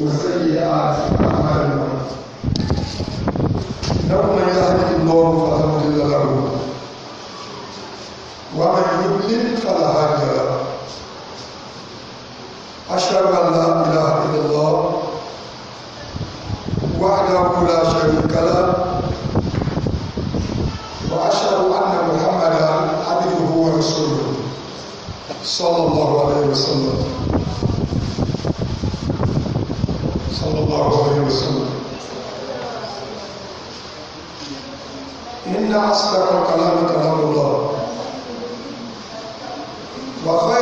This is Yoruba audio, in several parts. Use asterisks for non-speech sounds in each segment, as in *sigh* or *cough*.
وسيئات أعمالنا من الله فلا له ومن فلا له أشهد أن لا إله إلا الله لا وأشهد أن محمدا ورسوله صلى الله عليه وسلم sallallahu alaihi wasallam إن أصدق الكلام كلام الله وخير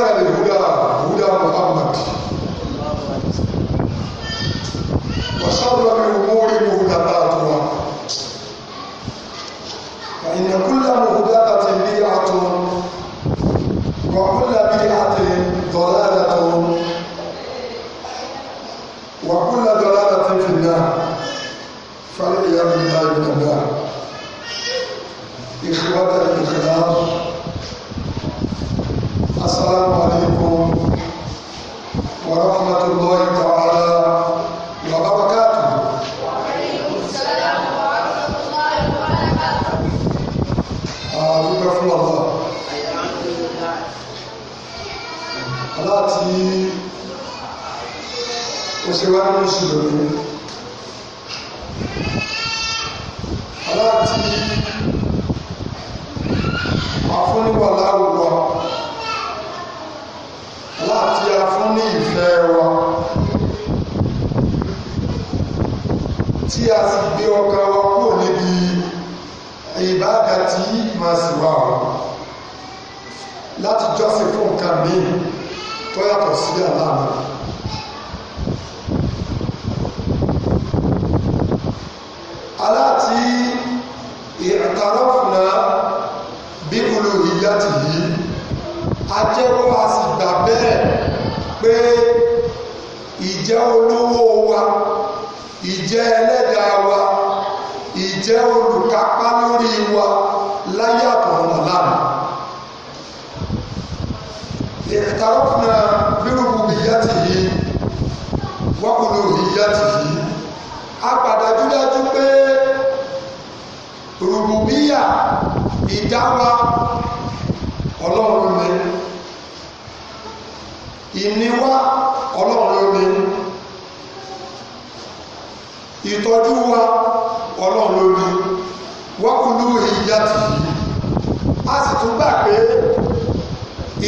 a sì tún gbà pé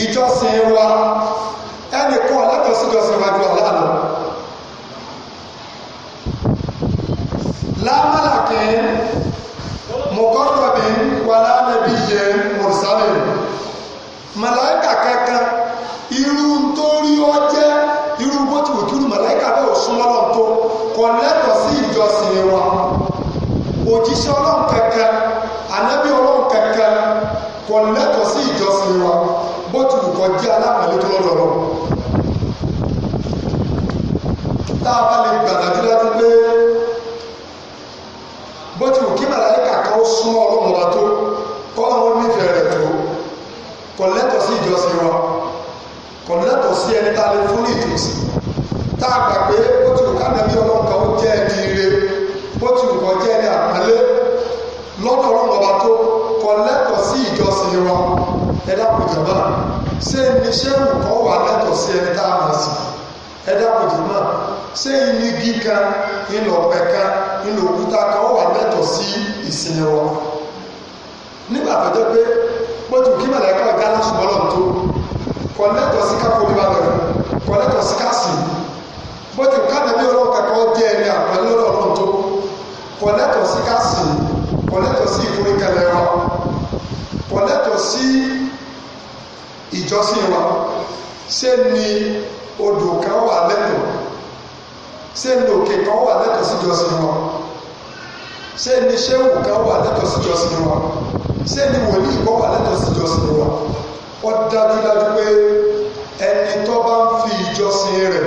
ìjọsìn wa ẹnìkan ọ̀lẹ́tọ̀ síjọsìn wájú aláàánú lámàlàkì mọ̀kọ́tọ̀bí wà lánàbí yẹ mọ̀sálẹ̀ màláìkà kankan irú tó rí ọ jẹ́ irú bó ti wù kírù màláìkà bẹ́ẹ̀ ò súnmọ́ lọ́n tó kò lẹ́tọ̀ sí ìjọsìn wa òjíṣẹ́ ọlọ́run kankan ànábì ọlọ́run kò lẹ́tọ̀ọ́ sí ìjọsìn wa bó ti wù kọ́ jẹ́ alápàlẹ́ tó lọ́dọ̀ lọ. tá a bá lè gbàdájú láti pé bó ti wù kí màláìkà kan ó súnmọ́ ọlọ́run wa tó kọ́ àwọn onífẹ̀ẹ́ rẹ̀ tó kò lẹ́tọ̀ọ́ sí ìjọsìn wa kò lẹ́tọ̀ọ́ sí ẹni tá a lè fún ìjọsìn tá a gbà pé bó ti wù ká nàbí ọlọ́run kan ó jẹ́ ẹni ire bó ti wù kọ́ ẹni àpálẹ́ lọ́dọ̀ ọlọ́run ọba tó lẹ́tọ̀ọ́ sí ìjọsìn wa ẹ dákun jàmbá ṣé ní sẹ́wù kan wà lẹ́tọ̀ọ́ sí ẹni tá a mọ̀ sí ẹ dákun jàmbá ṣé ní igi kan ńlọ ọ̀pẹ kan ńlọ òkúta kan wà lẹ́tọ̀ọ́ sí ìsinmi wa nígbà tó jẹ́ pé pọ́tù kí màláìka ọ̀gá lásùmọ́ lọ́n tó kọ́ lẹ́tọ̀ọ́ sí káfọ́ orí balẹ̀ kọ́ lẹ́tọ̀ọ́ káàsì pọ́tù kọ́ lẹ́tọ̀ọ́ sí káàsì wa kọ̀lẹ́tọ̀ sí ìjọsìn wa ṣé ni odò kan wà lẹ́tọ̀ ṣé ni òkè kan wà lẹ́tọ̀ sí ìjọsìn wa ṣé ni ṣéwù kan wà lẹ́tọ̀ sí ìjọsìn wa ṣé ni wòlíì kan wà lẹ́tọ̀ sí ìjọsìn wa ó dájúdájú pé ẹni tó bá ń fi ìjọsìn rẹ̀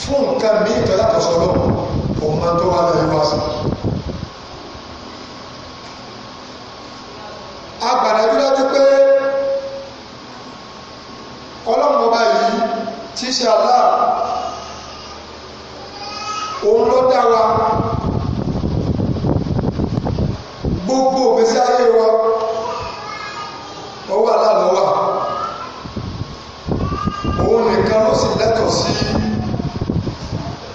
fún nǹkan mìíràn yàtọ̀ sọ́dọ̀ òun máa tó wá lẹ́yìn wá sí agbàdájú dájú pé ọlọ́run ọba yìí tí ṣe Allah òun ló dá wa gbogbo ògbésí ayé wa ọwọ́ aláàlọ́wà òun nìkan ló sì lẹ́tọ̀ọ́ sí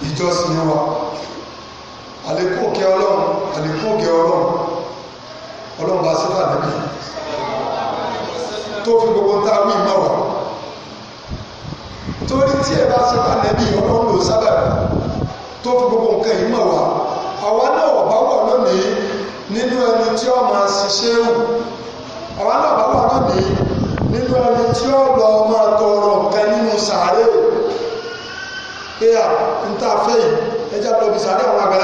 ìjọsìn wa àlékún òkè ọlọ́run àlékún òkè ọlọ́run ọlọ́run bá sílẹ̀ àdébí tó fi gbogbo ń ta wí mọ́ wa torí tí ẹ bá sílẹ̀ àdébí ọlọ́run ló sábà tó fi gbogbo nǹkan yìí mọ̀ wa àwa náà ọ̀bá wọ̀ lónìí nínú ẹni tí ó máa ṣiṣẹ́ wù àwa náà ọ̀bá wọ̀ lónìí nínú ẹni tí ó lọ máa tọrọ nǹkan nínú sàárè pé à ń tà fẹ́ yìí ẹjá lọ bí sàárè àwọn àgbà.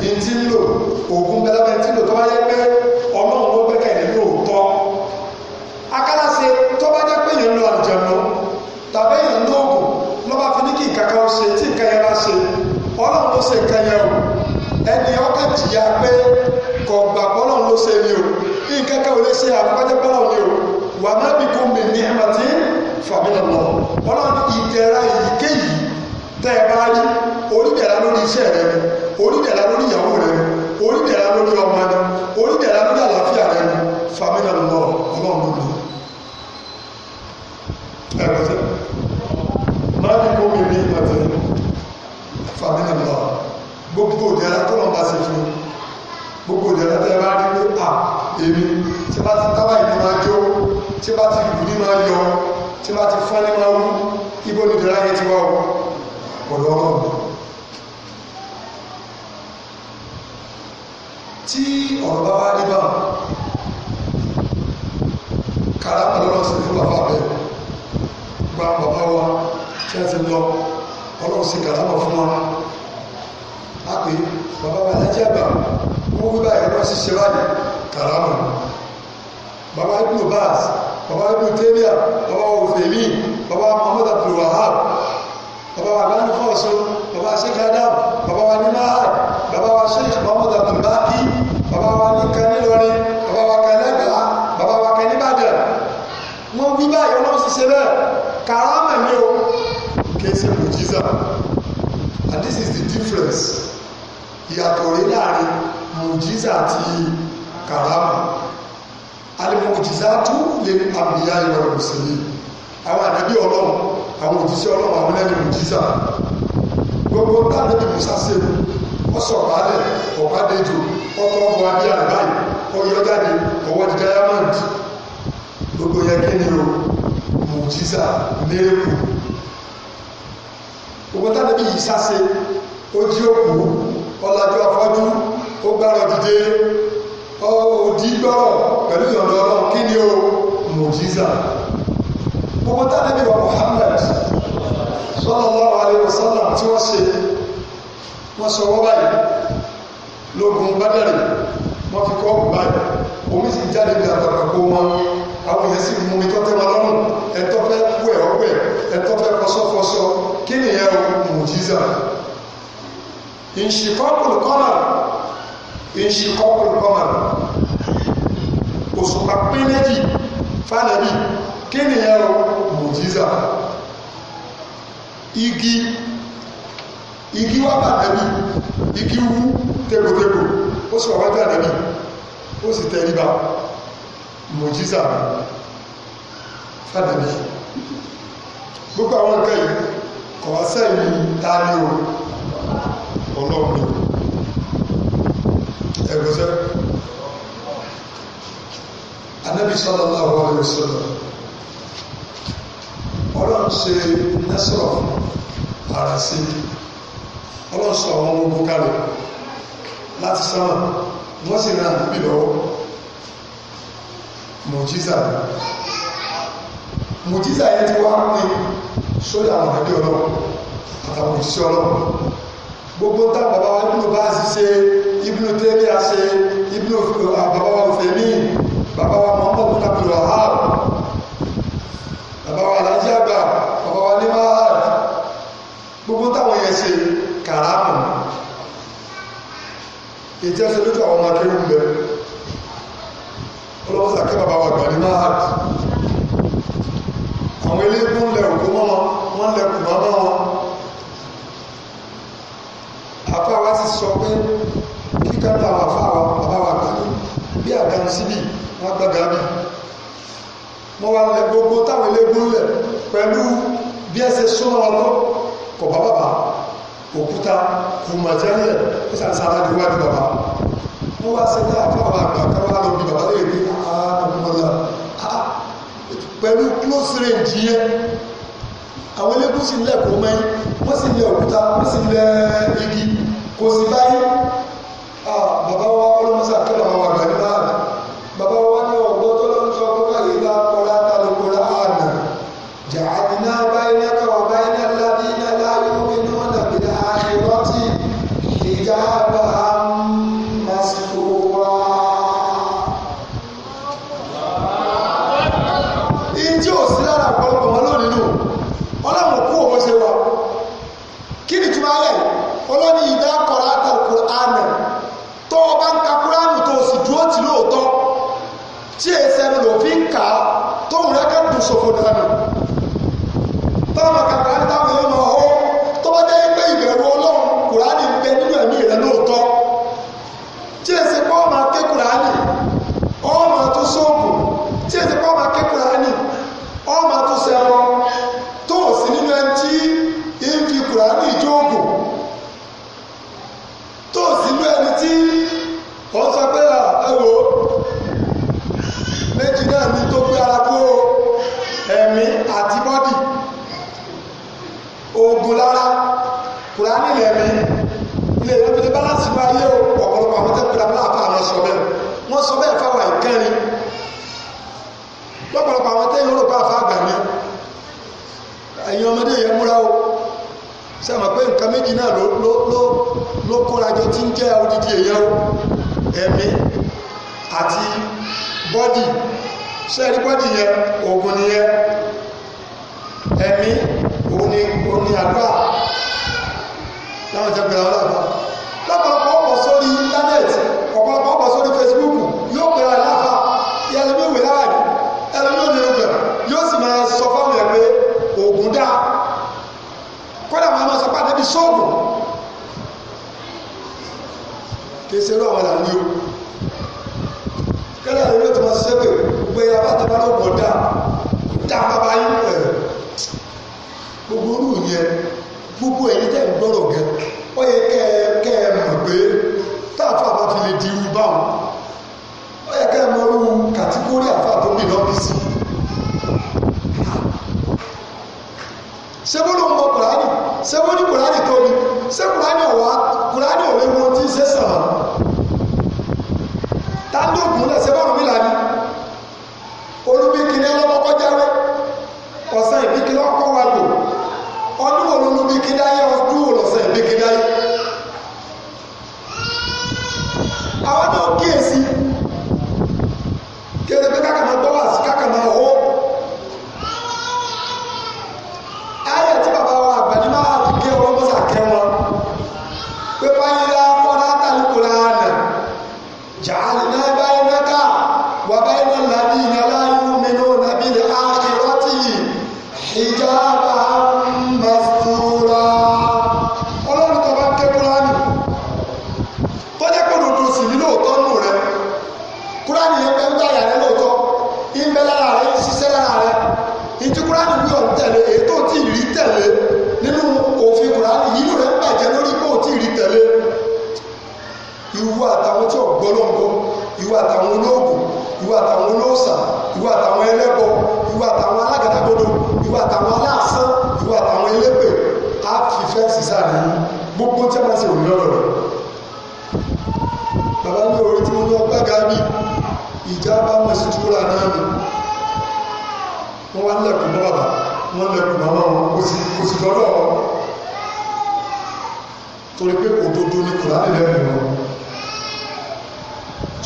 ìdí ń lò ògùn bẹ́lẹ́bẹ́ tí ń lò tó bá jẹ́ pé ọlọ́run ló gbẹ́kẹ̀lé lóòótọ́ akálàṣe tó bá jẹ́ pé èèyàn lọ àjẹmọ́ tàbí èèyàn ló ògùn ló bá fi ní kí nǹkan kan ṣe tí nǹkan yẹn bá ṣe ọlọ́run ló ṣe nǹkan yẹn o ẹni ọkàn jìyà pé kò gbàgbọ́ ọlọ́run ló ṣe ni o kí nǹkan kan ò lè ṣe àbúkájẹ́ ni o wà má bí kò mí ní ẹ̀mà tí fàmílà lọ ọlọ́run ìdẹ̀ra èyíkéyìí tẹ́ ẹ bá rí orí lórí iṣẹ́ rẹ ni onídẹ̀ra lórí ìyàwó rẹ onídẹ̀ra lórí ọmọ rẹ onídẹ̀ra lórí àlàáfíà rẹ famina lọ ọlọ́run ló ẹ pẹ̀sẹ̀ máa ní kó mi rí ìpàtẹ famina lọ gbogbo ìdẹ̀ra tó lọ́n bá ṣe fún gbogbo ìdẹ̀ra tẹ́ bá rí pé à èmi tí bá ti tábà ìdí máa jó tí bá ti lù ní máa yọ tí bá ti fọ́n ní máa wú ibo ní ìdẹ̀ra yẹn ti wá o ọ̀dọ́ ọlọ́run. tí ọ̀rọ̀ bá wá rí bá karama lọ́rọ̀ sí fún bàbá rẹ̀ gba bàbá wa tí a ti lọ ọlọ́run sí karama fún wa a pè bàbá wa lájẹ́ àgbà wọ́n wí báyìí lọ́wọ́ sí ṣe báyìí karama bàbá ibùdó báàsì bàbá ibùdó tẹ́lẹ̀ bàbá òfèmí bàbá Muhammad Abdul Wahab bàbá wa lánàá fọ́ọ̀sọ́ bàbá sheikh adam bàbá wa ní mahad wa sheikh muhammad abdulbaki bàbá wa ní kanílọrin wa kanílẹgbà bàbá wa kaníbàdàn wọn wí báyìí wọn sì ṣe bẹ́ẹ̀ karama ni o kìí ṣe mùjíza and this is the difference ìyàtọ̀ rẹ̀ láàrin mùjíza àti karama alimujizatu lè àbíyá ìwọ̀n mùsùlùmí àwọn ànábì ọlọ́run àwọn òjíṣẹ́ ọlọ́run àwọn ẹni mùjíza gbogbo táwọn ẹbí musa ṣe ọsọ ọ̀pálẹ̀ ọ̀pádẹ́jọ ọkọ̀ ọmọ abíyá báyìí ọyọ́jáde ọwọ́ di diamond gbogbo yẹn kí ni o mùjísà léèkù gbogbo táwọn yìí ṣáṣe ó jí òkú ọ̀làjú afọ́jú ó gbárọ̀ dìde òdì gbọ́rọ̀ pẹ̀lú ìyọ̀ndọ̀ ọlọ́run kí ni o mùjísà gbogbo táwọn ẹbí wa sallallahu alaihi wasallam tí wọ́n ṣe wọ́n sọ wọ́n báyìí lógun bádẹ́rì wọ́n fi kọ́ báyìí omi sì jáde bí àtàkàkọ wọn àwọn èèyàn sì mú itọ́ tẹ́wọn lọ́rùn ẹ̀tọ́ fẹ́ kú ẹ̀ ọ̀pẹ̀ ẹ̀tọ́ fẹ́ fọṣọfọṣọ kí nìyẹn mùjíza ìṣìkọ́kùn kọ́mà ìṣìkọ́kùn kọ́mà òṣùpá pín méjì fánàbí kí nìyẹn mùjíza igi igi wá bá ànábì igi wú tegbòtegbò ó sì wà wájú ànábì ó sì tẹríba mòjísà fànàbí gbogbo àwọn nǹkan yìí kọ̀ wá sẹ́yìn ta ni o ọlọ́run ni ẹ̀gbọ́sẹ́ ànábì sallallahu alaihi wasallam ọlọ́run ṣe nẹ́sọ̀rọ̀ ara sí ọlọ́run sọ àwọn ọmọ ogun kalẹ̀ láti sánà wọ́n sì ran àdúgbò lọ́wọ́ mọ̀jísà mọ̀jísà yẹn ti wá pín sódà àwọn àjọ ọlọ́run àtàwọn òṣìṣẹ́ ọlọ́run gbogbo táwọn bàbá wa ibùdó bá sì ṣe ibùdó tẹ́lẹ̀ àṣẹ ibùdó bàbá wa òfèmí bàbá wa mọ́mọ́ òkúta pẹ̀lú àhàbò bàbá wa alájí àgbà bàbá wa ní mahad gbogbo táwọn yẹn ṣe kàràmù ìjẹ́sẹ̀ lójú àwọn ọmọ akéwì ń bẹ ọlọ́wọ́ sàkẹ́ bàbá wa gbà ní mahad àwọn eléégún lẹ òkú mọ́ wọn wọ́n lẹ kù mọ́ wọn àfa wa sì sọ pé kíkà náà àfa wa bàbá wa gbà bí àgbà ń síbì gbàgbà bíi mo wà lẹ gbogbo táwọn eléégún lẹ pẹ̀lú bí ẹ ṣe súnmọ́ ọlọ́ kọ̀ bá bàbá òkúta kùmọ̀jẹ́lẹ̀ ó sàn sára ju wájú bàbá mo wá sí ní àfáwọn àgbà kan wá lọ bí bàbá lè rí ààbòmọ́lá ah, ah, pẹ̀lú close range yẹn àwọn eléégún sì lẹ̀kọ́ mẹ́yìn wọ́n sì lẹ òkúta wọ́n sì lẹ igi kò sí báyìí ah, bàbá wa ọlọ́mọsà kọ́ bàbá wa gbàdúrà torí pé òdodo ni kùránì lẹ́nu wọn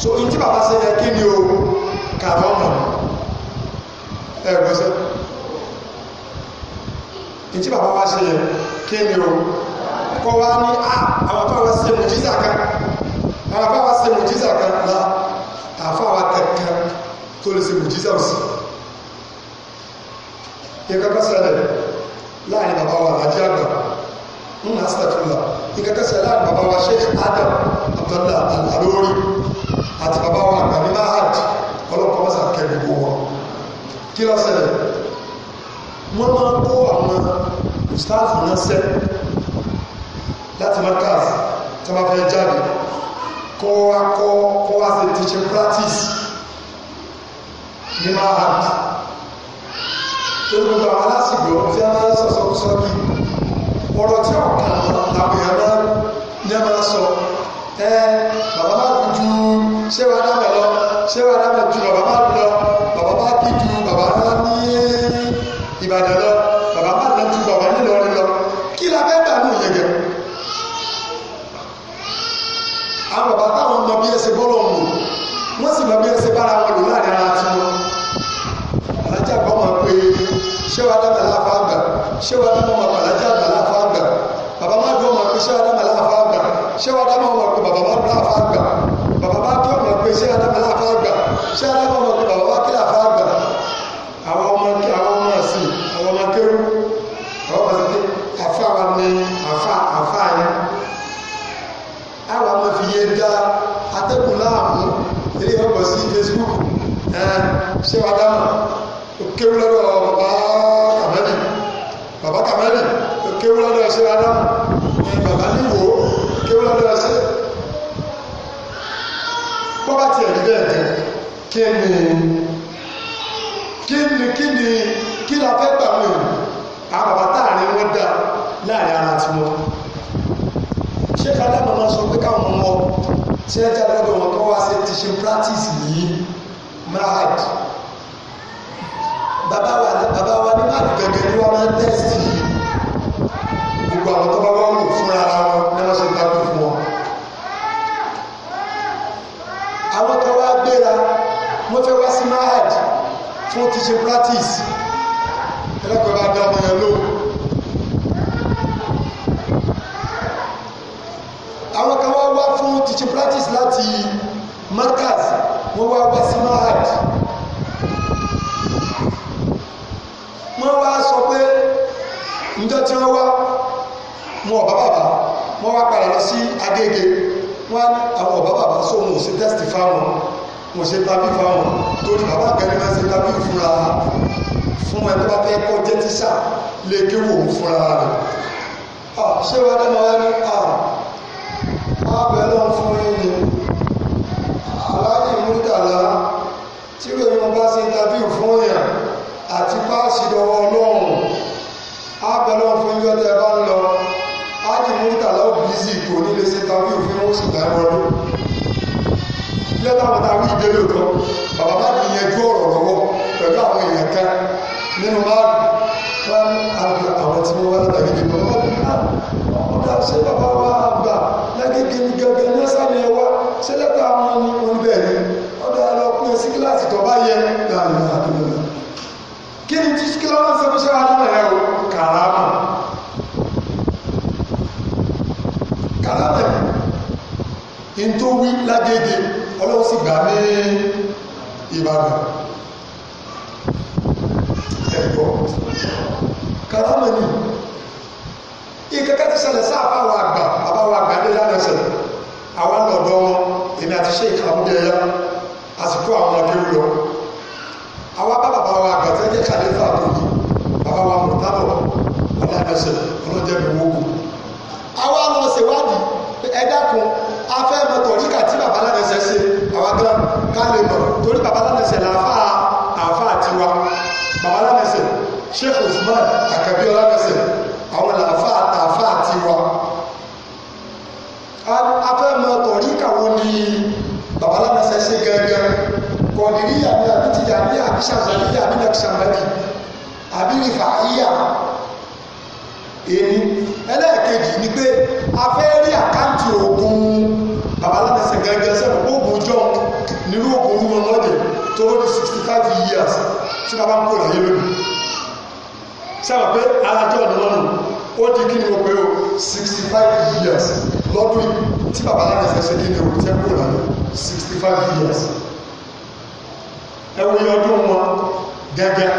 so n tí bàbá sẹ́yẹ kí ni o kàrọ́mà ẹgbẹ́sẹ́ n tí bàbá wá sẹ́yẹ kí ni o kọ́ ah, wá ní àwọn afáwà ṣe mùjísà kan àwọn afáwà ṣe mùjísà kan la àfáwà kankan tó lè ṣe mùjísà òsì yẹ kọ́kọ́ ṣẹlẹ̀ láàrin bàbá wa àjẹ́ àgbà ń nà á sàtúnlá ìkẹ́kẹ́ sẹ́lá bàbá wa Sheikh Adam Abdullah Al-Alori àti bàbá wa àgbàní mahad ọlọ́pàá mọ́sà kẹ́gbogbo wọn kí ló ṣẹlẹ̀ wọ́n máa kó àwọn stáàfù ránṣẹ́ láti markaz tí wọ́n fẹ́ jáde kọ́ wá kọ́ kọ́ wá sí teaching practice ní mahad tó gbogbo àwọn alásìgbò tí a máa ń sọ̀sọ̀ sọ́kì ọ̀rọ̀ tí ọ̀kan àwọn èèyàn náà ní ẹ máa sọ ẹ bàbá má dùn ju ṣé wàá dábẹ̀ lọ ṣé wàá dábẹ̀ ju bàbá má dùn lọ bàbá má kí ju bàbá ní Ìbàdàn lọ bàbá má dùn ju bàbá nílọrin lọ kí la fẹ́ gbà ní ìyẹn jẹ. àwọn bàbá táwọn mọ bí ẹsẹ bọ́ọ̀lù ọ̀hún wọ́n sì mọ bí ẹsẹ bára wọn lò láàrin ara tiwọn alájà kan máa pe ṣé wàá dábẹ̀ láfa àgbà ṣé wàá dábẹ̀ mọ̀ se ṣé adama láàfáà gbà ṣé adama wọn pé bàbá bá láàfáà gbà bàbá bá kí ọmọ pé ṣé adama láàfáà gbà ṣé adama wọn pé bàbá bá kí láàfáà gbà àwọn ọmọ àwọn ọmọ ẹ̀sìn àwọn ọmọ kéwú àwọn ọmọ ẹ̀sìn àfa wa ni àfa àfa yẹn àwọn ọmọ fi yé dá atẹ́kùn láàmú ilé ọkọ̀ sí Facebook ṣé adama kéwú lọ́dọ̀ bàbá kàmẹ́lì bàbá o kéwú lọ́dọ̀ ṣé adama àbí wò ó kí ó lọ́dọ̀ ẹsẹ̀ bó bá tiẹ̀ rí bẹ́ẹ̀ kí ni kí ni kí ni kí la fẹ́ gbà mí táàrin wọn dá láàrin ara tiwọn ṣé fàdámà máa sọ pé káwọn ọmọ tí ẹ jáde lọ́dọ̀ wọn kọ́ wá sí ti ṣe practice yìí mahad bàbá wa ní mahad gẹ́gẹ́ ni wọ́n máa ń tẹ́sì yìí gbogbo àwọn tó bá wá wù fúnra ara wọn ní wọ́n ṣe dákú fún wọn. àwọn kan wá gbéra wọ́n fẹ́ wá sí mahad tí wọ́n ti ṣe practice ẹlẹ́kọ̀ọ́ bá dá ọmọ yẹn lóhùn. àwọn kan wá wá fún teaching practice láti markaz wọ́n wá wá sí mahad. wọ́n wá sọ pé njọ́ tí wọ́n wá wọn ọba bàbá wọn wá padà lọ sí agége wọn àwọn ọba bàbá sọ wọn ò sí tẹ́sítì fáwọn wọn ò sí tábí fáwọn torí bàbá àgbẹ̀rẹ̀ máa ń ṣe tábí fúnra fún ẹni tó bá fẹ́ kọ́ jẹ́ tíṣà lè kéwò fúnra rẹ̀ ṣé wàá dẹ́nu wá ní àbẹ̀ lọ́n fún yín ni aláàjì múdàlá tí rèé wọn bá ṣe tábí fún yàn àti páàsì lọ́wọ́ ọlọ́run àbẹ̀ lọ́n fún yín bá ń lọ mínísítà láwù bízì kò ní lè ṣe tàbí òfin ó sì dáhùn ọdún lẹ́tà wọn ta wí ìdélé òtọ́ bàbá má fi yanjú ọ̀rọ̀ lọ́wọ́ pẹ̀lú àwọn èèyàn kan nínú máàlù wọn àbí àwọn tí wọn wá látàgé ní bàbá wọn ọ̀dà ṣé bàbá wa àgbà lágége ní gẹ́gẹ́ ní sàmì ẹwà ṣé lẹ́tà wọn ní orí bẹ́ẹ̀ ni ọ̀dà lọ pín sí kíláàsì tó bá yẹ láàrin àdúgbò kí ni tí kíláàsì ṣe fún ṣe o kàràmù. kàlámà yìí n tó wí lágége ọlọ́run sì gbà ní ìbàdàn ẹ̀gbọ́ kàlámà yìí ìkẹ́kẹ́ ti ṣẹlẹ̀ sáà àbáwọ̀ àgbà àbáwọ̀ àgbà ní lánàá ṣẹlẹ̀ àwọn lọ́dọ̀ wọn èmi àti sheik amúdẹ́yà àsìkò àwọn akéwì lọ àwọn bá bàbá wa àgbà tẹ́jẹ́ kàlífà tó yìí bàbá wa mọ̀tàbọ̀ ọ̀làdàṣẹ̀ ọlọ́jẹ́ mi wọ́gùn àwa lọ ṣèwádìí ẹ̀dá kan afẹ́ mọ tọ̀ríkà tí bàbá lánàṣẹ ṣe àwa gan ká lè mọ̀ torí bàbá lánàṣẹ làáfà àáfà tiwa bàbá lánàṣẹ Sheikh Usman àkàbíọ́ lánàṣẹ àwọn làáfà àáfà tiwa afẹ́ mọ tọ̀ríkà wo ni bàbá lánàṣẹ ṣe gẹ́gẹ́ kọ̀ọ̀dìrí àbí àbí tìjà àbí àbí ṣàzàlíyà àbí nàkṣàmẹ́lì àbí rìfà ìyà èyí ẹlẹ́ẹ̀kejì ni pé a fẹ́ rí àkáǹtì oògùn babaláṣẹ gẹ́gẹ́ sẹ́wọ̀n oògùn jọ nínú oògùn olúmọ lọ́dẹ̀ tó lóde sixty five years tí bàbá ń kó láyé lónìí sẹ́wọ̀n pé alájọ́ ọ̀nà lọ́nà ó di kí ni mo pé o sixty five years lọ́dún tí babaláṣẹ ṣe kí ni o tẹ́ kó láyé sixty five years ẹ wo iye ọdún wọn gẹ́gẹ́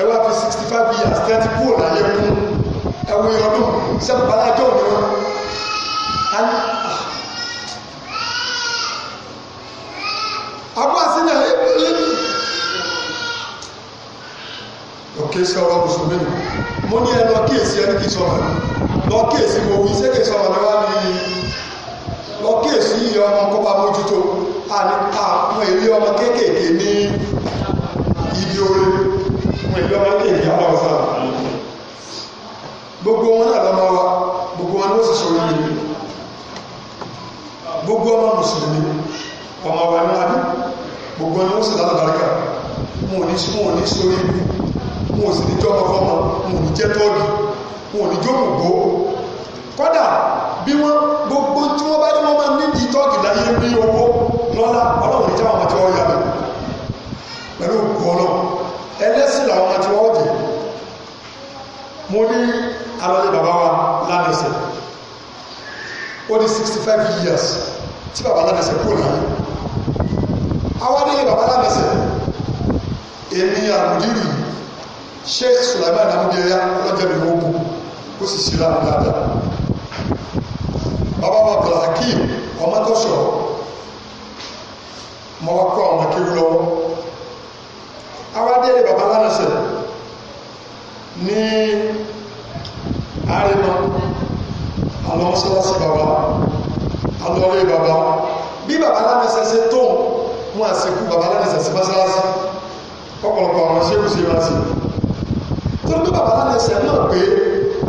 ẹ wá fi sixty five years tẹ́tí kó láyé kún ẹ̀wù ìrọ̀dùn sẹ́kù balájọ́ òní wọn. Abu Asina ebi òkèsí ọ̀rọ̀ mùsùlùmí nù mo ní ẹ lọ kíyèsí ẹni kìí sọ̀rọ̀ lọ kíyèsí mo wí ṣé kìí sọ̀rọ̀ lọ́wọ́ mi ni lọ kíyèsí iye ọmọ kó bá mójútó ah, àwọn èlé ọmọ kéékèèké ní ibi orí àwọn èlé ọmọ kéékèèké àwọn ọ̀sán gbogbo wọn náà lọ́mọ wa gbogbo wọn ni wọ́n sì sọ yìí nìyí gbogbo ọmọ mùsùlùmí ọmọ wa náà ni gbogbo wọn ni wọ́n sì lọ́nà bàríkà wọn ò ní sí wọn ò ní sórí ibi wọn ò sì ní jọmọ fọmọ wọn ò ní jẹ tọ́ọ̀dù wọn ò ní jókòó gbó kọ́dà bí wọ́n gbogbo tí wọ́n bá ní wọ́n máa nídìí tọ́ọ̀kì láyé bí owó lọ́lá ọlọ́run ní jáwọn àti ọ̀yà rẹ̀ pẹ̀lú òkú ọlọ́run làwọn àti ọ̀jẹ̀ mo ní alọ́lẹ̀ bàbá wa lánàṣẹ́ ó ní 65 five years tí bàbá lánàṣẹ́ kúrò náà àwọn adéyẹ bàbá lánàṣẹ́ èmi àmúdírì Sheikh Sulaiman amúdíyẹyà ọlọ́jọ́ mi wọ́n kú ó sì sí láàmú dáadáa bàbá wa bàbá Hakeem ọmọ tó sọ̀rọ̀ mọ wá kó àwọn akéwì lọ́wọ́ àwọn adéyẹ bàbá lánàṣẹ́ ní àrìnà àlọ́ mọ́sálásí bàbá àlọ́lé bàbá bí bàbá lánàṣẹ́sẹ́ tó wọn àsìkú bàbá lánàṣẹ́sẹ́ mọ́sálásí ọ̀pọ̀lọpọ̀ àwọn ṣékù sí wọn sí tó ní bàbá lánàṣẹ́ náà pé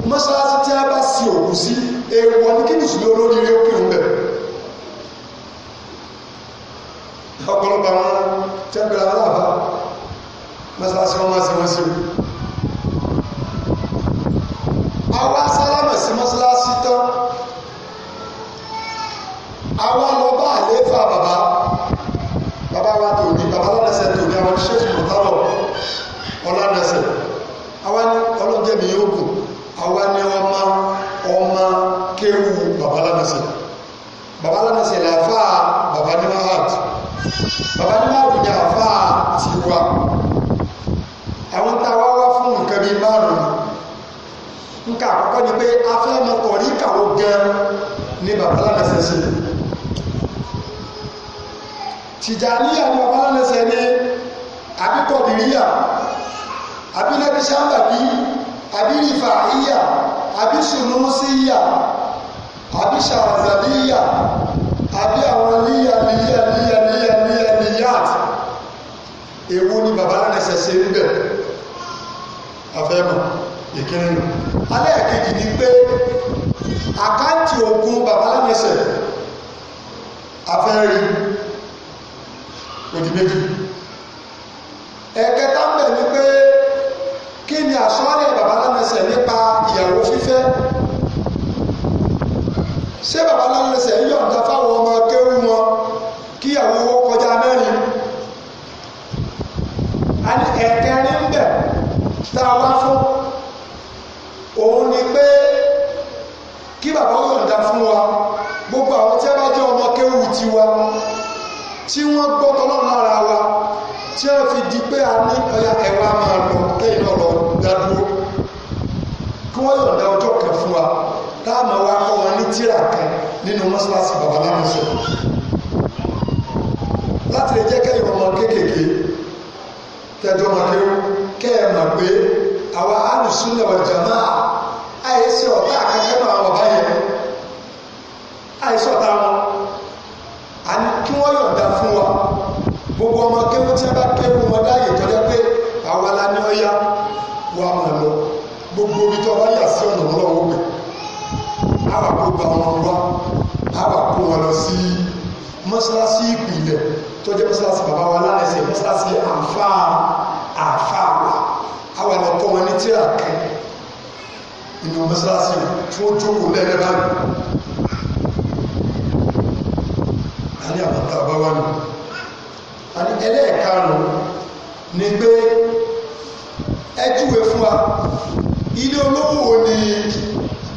mọ́sálásí tí a bá sí òkú sí èèwọ̀ ní kí nìṣúlẹ̀ olórí rí òkè ń bẹ̀ ọ̀pọ̀lọpọ̀ àwọn tí a bẹ̀rẹ̀ aláàbá mọ́sálásí wọn máa sí wọn sí òkú Awa sálámà sí mọ́sálásí tán àwa lọ bá àlééfà baba bàbá wa tòní bàbá lọ́dẹ̀sẹ̀ tòní àwọn ṣẹ́ẹ̀tì mọ̀tàrọ̀ ọ̀làdẹ̀sẹ̀ àwa ní ọlọ́jẹ̀mí yóò kù baba ní ọmọ ọmọ kéwù bàbá lọ́dẹ̀sẹ̀ bàbá lọ́dẹ̀sẹ̀ làáfà baba ní mahad bàbá ní mahad ní àfà tiwa àwọn táwa wá fún nǹkan bíi márùn-ún nǹkan àkọ́kọ́ ni pé afẹ́mọ kọ̀rí kàwó gan ni babalánẹsẹ̀ sí tìjàníyà ni babalánẹsẹ̀ ní àbíkọ̀dìríyà àbílẹ́bíṣàmbàbí àbírífàáyà àbísùnúsíyà àbíṣàràzàbíyà àbí àwọn líyà líyà líyà líyà líyà níyàt èwo ni babalánẹsẹ̀ sí ń bẹ̀ afẹ́mọ̀ ìkíni alẹ́ kejì ni pé àkáǹtì ogun babalámẹsẹ̀ afẹ́rí òdì méjì ẹ̀kẹta ń bẹ̀ ni pé kí ni àsọ́ọ́lẹ̀ babalámẹsẹ̀ nípa ìyàwó fífẹ́ ṣé babalámẹsẹ̀ ń yọ̀ǹda fáwọn ọmọ kéwú wọn kí ìyàwó owó kọjá mẹ́rin ẹ̀kẹrin ń bẹ̀ tá a wá fún òun ni pé kí bàbá ó yọ̀ǹda fún wa gbogbo àwọn tí a bá jẹ́ ọmọ kéwù tiwa tí wọ́n gbọ́ tọ́lọ́run lára wa tí wọ́n fi di pé a ní ọya ẹ̀wà máa lọ kẹ́yìn náà lọ dádúró kí wọ́n yọ̀ǹda ọjọ́ kan fún wa táàmù wa kọ́ wọn ní tíra kan nínú mọ́ṣáláṣí bàbá lámùsọ láti lè jẹ́ kẹ́yìn ọmọ kéékèèké tẹ́jọ́ máa kéwù kẹ́ ẹ̀ mọ̀ pé àwa alùsùn lẹ̀wọ̀ jàmáà àìsí ọ̀tá kankan náà àwọn yẹn àìsí ọ̀tá wọn àní kí wọ́n yọ̀ǹda fún wa gbogbo ọmọ kéwú tí a bá kéwú wọn láàyè tó jẹ́ pé àwa la ní ọ̀yá wa mọ̀ gbogbo omi tó yà sí ọ̀nà ọlọ́wọ́ pẹ̀ àwa kó gba wọn wá àwa kó wọn lọ sí ìpìlẹ̀ tó jẹ́ bàbá wa inú mọ́sálásí tí ó jókòó lẹ́gbẹ́ báyìí a ní àwọn tàbá wà ní a ní ẹlẹ́ẹ̀karùn-ún ni pé ẹjúwe fún wa ilé olówó wo ni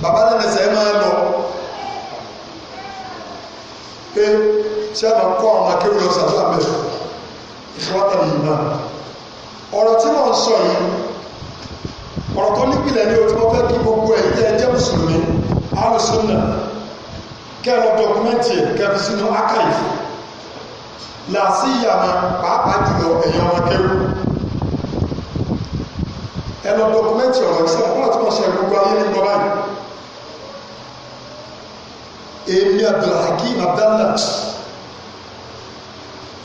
bàbá lẹ́mẹsẹ̀ máa lọ pé ṣé àwọn kọ́ àwọn akéwì lọ sàdúrà bẹ́ẹ̀ ìfọwọ́tà nìyí náà ọ̀rọ̀ tí wọ́n sọ yìí ọ̀rọ̀ tó nípìnlẹ̀ ní ojú wọn fẹ́ kí gbogbo ẹ̀ jẹ́ jẹ́ mùsùlùmí alùsùnà kẹ́lọ dọkumẹ́ntì ẹ̀ kẹfì sínú archive làásì ìyàmà pàápàá jùlọ ẹ̀yàn ọmọ kéwù ẹ lọ dọkumẹ́ntì ọ̀rọ̀ ìṣẹ̀lẹ̀ fún àti mọ̀ṣẹ̀ gbogbo ayé ní gbọ́ báyìí èmi abdulhakeem abdallah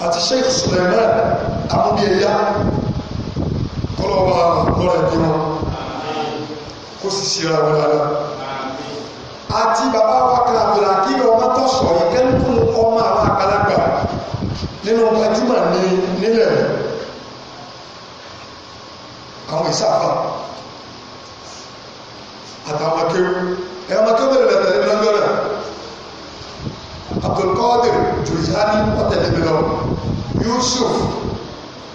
àti sheikh suleiman amúdíyẹyà kọlọ́ọ̀bà lọ́rẹ̀ bí wọn sì síra wọn lára àti bàbá wa kan àbúrà kí ọmọ tó sọ ìkẹ́lùkùn ọmọ àwọn àgbàlagbà nínú gbajúmọ̀ ní nílẹ̀ àwọn ìsáfà àtàwọn akéwù ẹ̀ ọmọ akéwù bẹ̀rẹ̀ lẹ́tẹ̀lẹ́ ní lọ́jọ́ rẹ̀ Abdulkadir Jurjani ọ̀tẹ̀lẹ́ mi lọ Yusuf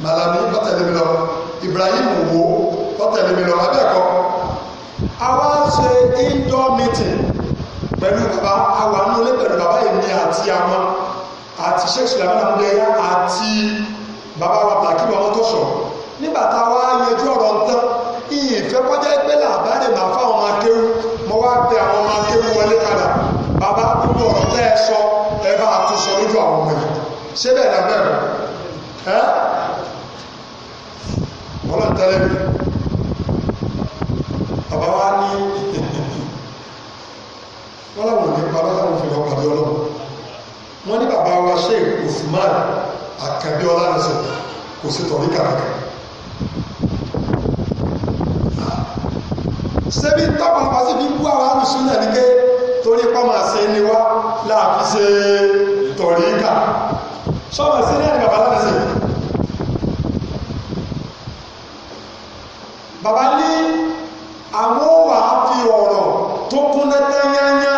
Malami ọ̀tẹ̀lẹ́ mi lọ Ibrahim wo ọ̀tẹ̀lẹ́ mi lọ abẹ́ẹ̀kọ́ a wá ṣe indoor meeting pẹ̀lú bàbá àwọn anúlé pẹ̀lú bàbá èmi àti àwọn àti sheikh sulaiman amúdẹ́yà àti bàbá wa bàkírù ọmọ tó sọ nígbà tá a wá yanjú ọ̀rọ̀ tán ìyìn ìfẹ́ kọjá pé làbáde màá fáwọn ọmọ akéwú mo wá pe àwọn ọmọ akéwú wọlé padà bàbá gbogbo ọ̀rọ̀ tẹ́ ẹ sọ ẹ bá a tún sọ lójú àwọn ọmọ yìí ṣé bẹ́ẹ̀ náà bẹ́ẹ̀ ẹ́ ọlọ́ntẹ́lẹ́bí bàbá wa ní wọ́n láwọn ní pa lọ́láwọn fi ọkọ̀ àbí ọlọ́run wọ́n ní bàbá wa Sheikh Usman Àkànbí ọlánàṣẹ́ kò sí tọ̀rí kàkàkà ṣebí táwọn apàṣẹ bí bú àwọn àrùsùn náà ní pé torí pàmò àṣẹ ni wá láàfi ṣe tọ̀rí kà sọ́mọ̀ sí náà ní bàbá lánàṣẹ́ bàbá ní àwọn wà á fi ọ̀rọ̀ tó kúnná tányányá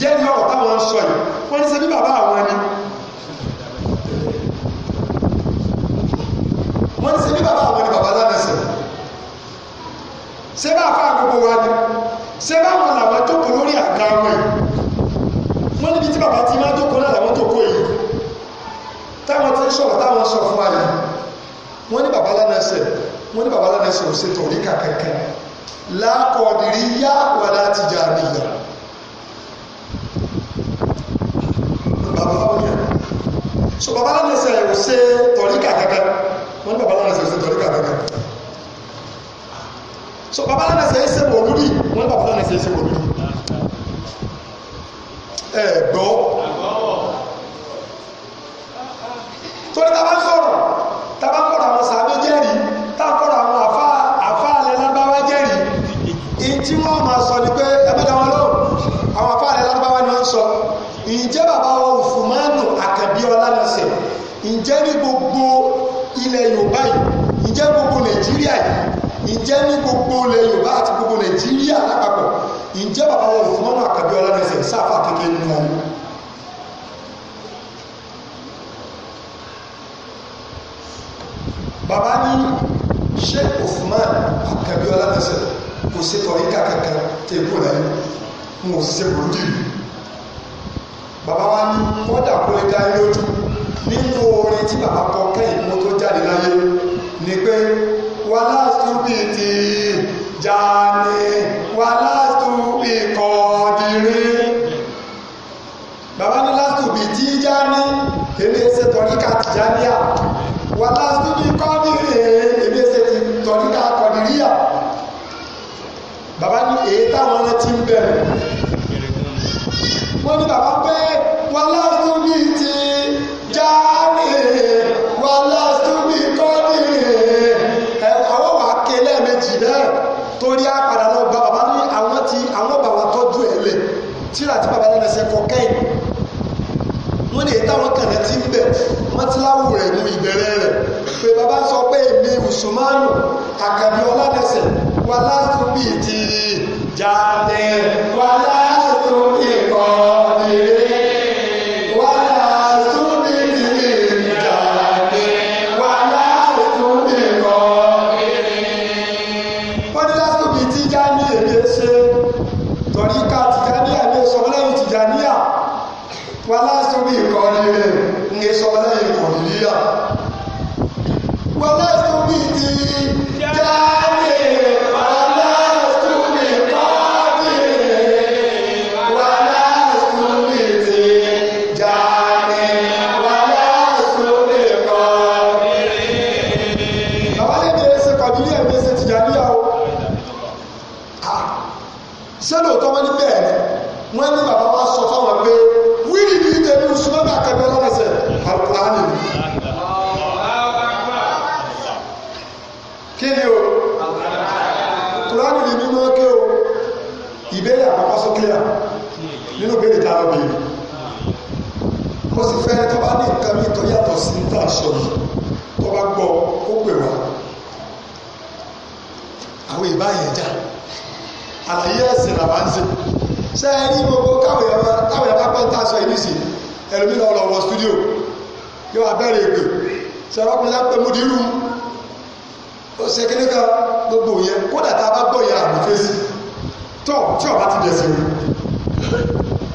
jẹ́ ní ọ̀rọ̀ táwọn sọ yìí wọ́n ní ṣe bí bàbá àwọn ni wọ́n ní ṣe bí bàbá àwọn ni bàbá lánàá sẹ̀ ṣé bá a fa àgbègbè wa ni ṣé báwọn làwọn jókòó lórí àga wọn yìí wọ́n níbi tí bàbá ti máa jókòó náà làwọn jókòó yìí táwọn ti ń sọ̀rọ̀ táwọn sọ fún wa yìí wọ́n ní bàbá lánàá wọ́n ní bàbá lánàá sẹ̀ ò ṣètò oríkà kẹ̀kẹ́ lákọ̀ọ́dìríyá wà láti jà níyà. bàbá wọn yẹn so bàbá lọ́nà ṣe ẹ̀rù ṣe tọ̀ríkà kankan wọ́n ní bàbá lọ́nà ṣe ṣe tọ̀ríkà kankan so bàbá lọ́nà ṣe ṣe wòlúrí wọ́n ní bàbá lọ́nà ṣe ṣe wòlúrí ẹ̀ gbọ́ torí tá a bá sọ̀rọ̀ tá a bá àwọn sàbẹ̀ tí wọ́n máa sọ ni pé ẹgbẹ́ dáwọn lóhùn àwọn afáàlẹ́ lárúbáwá ni wọ́n sọ ǹjẹ́ bàbá wa òfùmánù àkàbí ọlánàṣẹ ǹjẹ́ ní gbogbo ilẹ̀ yorùbá yìí ǹjẹ́ gbogbo nàìjíríà yìí ǹjẹ́ ní gbogbo ilẹ̀ yorùbá àti gbogbo nàìjíríà lápapọ̀ ǹjẹ́ bàbá wa òfùmánù àkàbí ọlánàṣẹ sáfà kékeré nínú wọn. bàbá ní sheikh usman akabiola nasir kò ṣe tọ̀ríkà kankan tẹ̀ kó láyé wọn ò sì ṣe burúkú yìí bàbá wa ní kọ́dà kó lè dá lójú nínú orin tí bàbá kọ kẹ́yìn mo tó jáde láyé ni pé wàhálà túbí ti jáde wàhálà túbí kọ́ dirí bàbá ní látùbí tí jáde èmi ṣe tọ̀ríkà tìjáníà wàhálà túbí kọ́ dirí. bàbá ní èyí táwọn rántí ń bẹ̀rù wọ́n ní bàbá pé wọ́n lásán ní ti jáde wọ́n lásán ní kọ́ni àwọn wà á ké lẹ́ẹ̀mejì náà torí á padà lọ gba bàbá ní àwọn ti àwọn bàbá tọ́jú ẹ̀ lẹ̀ tíra tí bàbá lẹ́nu ẹsẹ̀ kọ kẹ́yìn wọ́n ní èyí táwọn kàn rántí ń bẹ̀rù wọ́n ti láwù rẹ̀ nù ìbẹ̀rẹ̀ rẹ̀ pé bàbá sọ pé èmi Usmanu Àkànbí Ọládẹsẹ̀ wọ́n lásán ní ti jáde wàlá.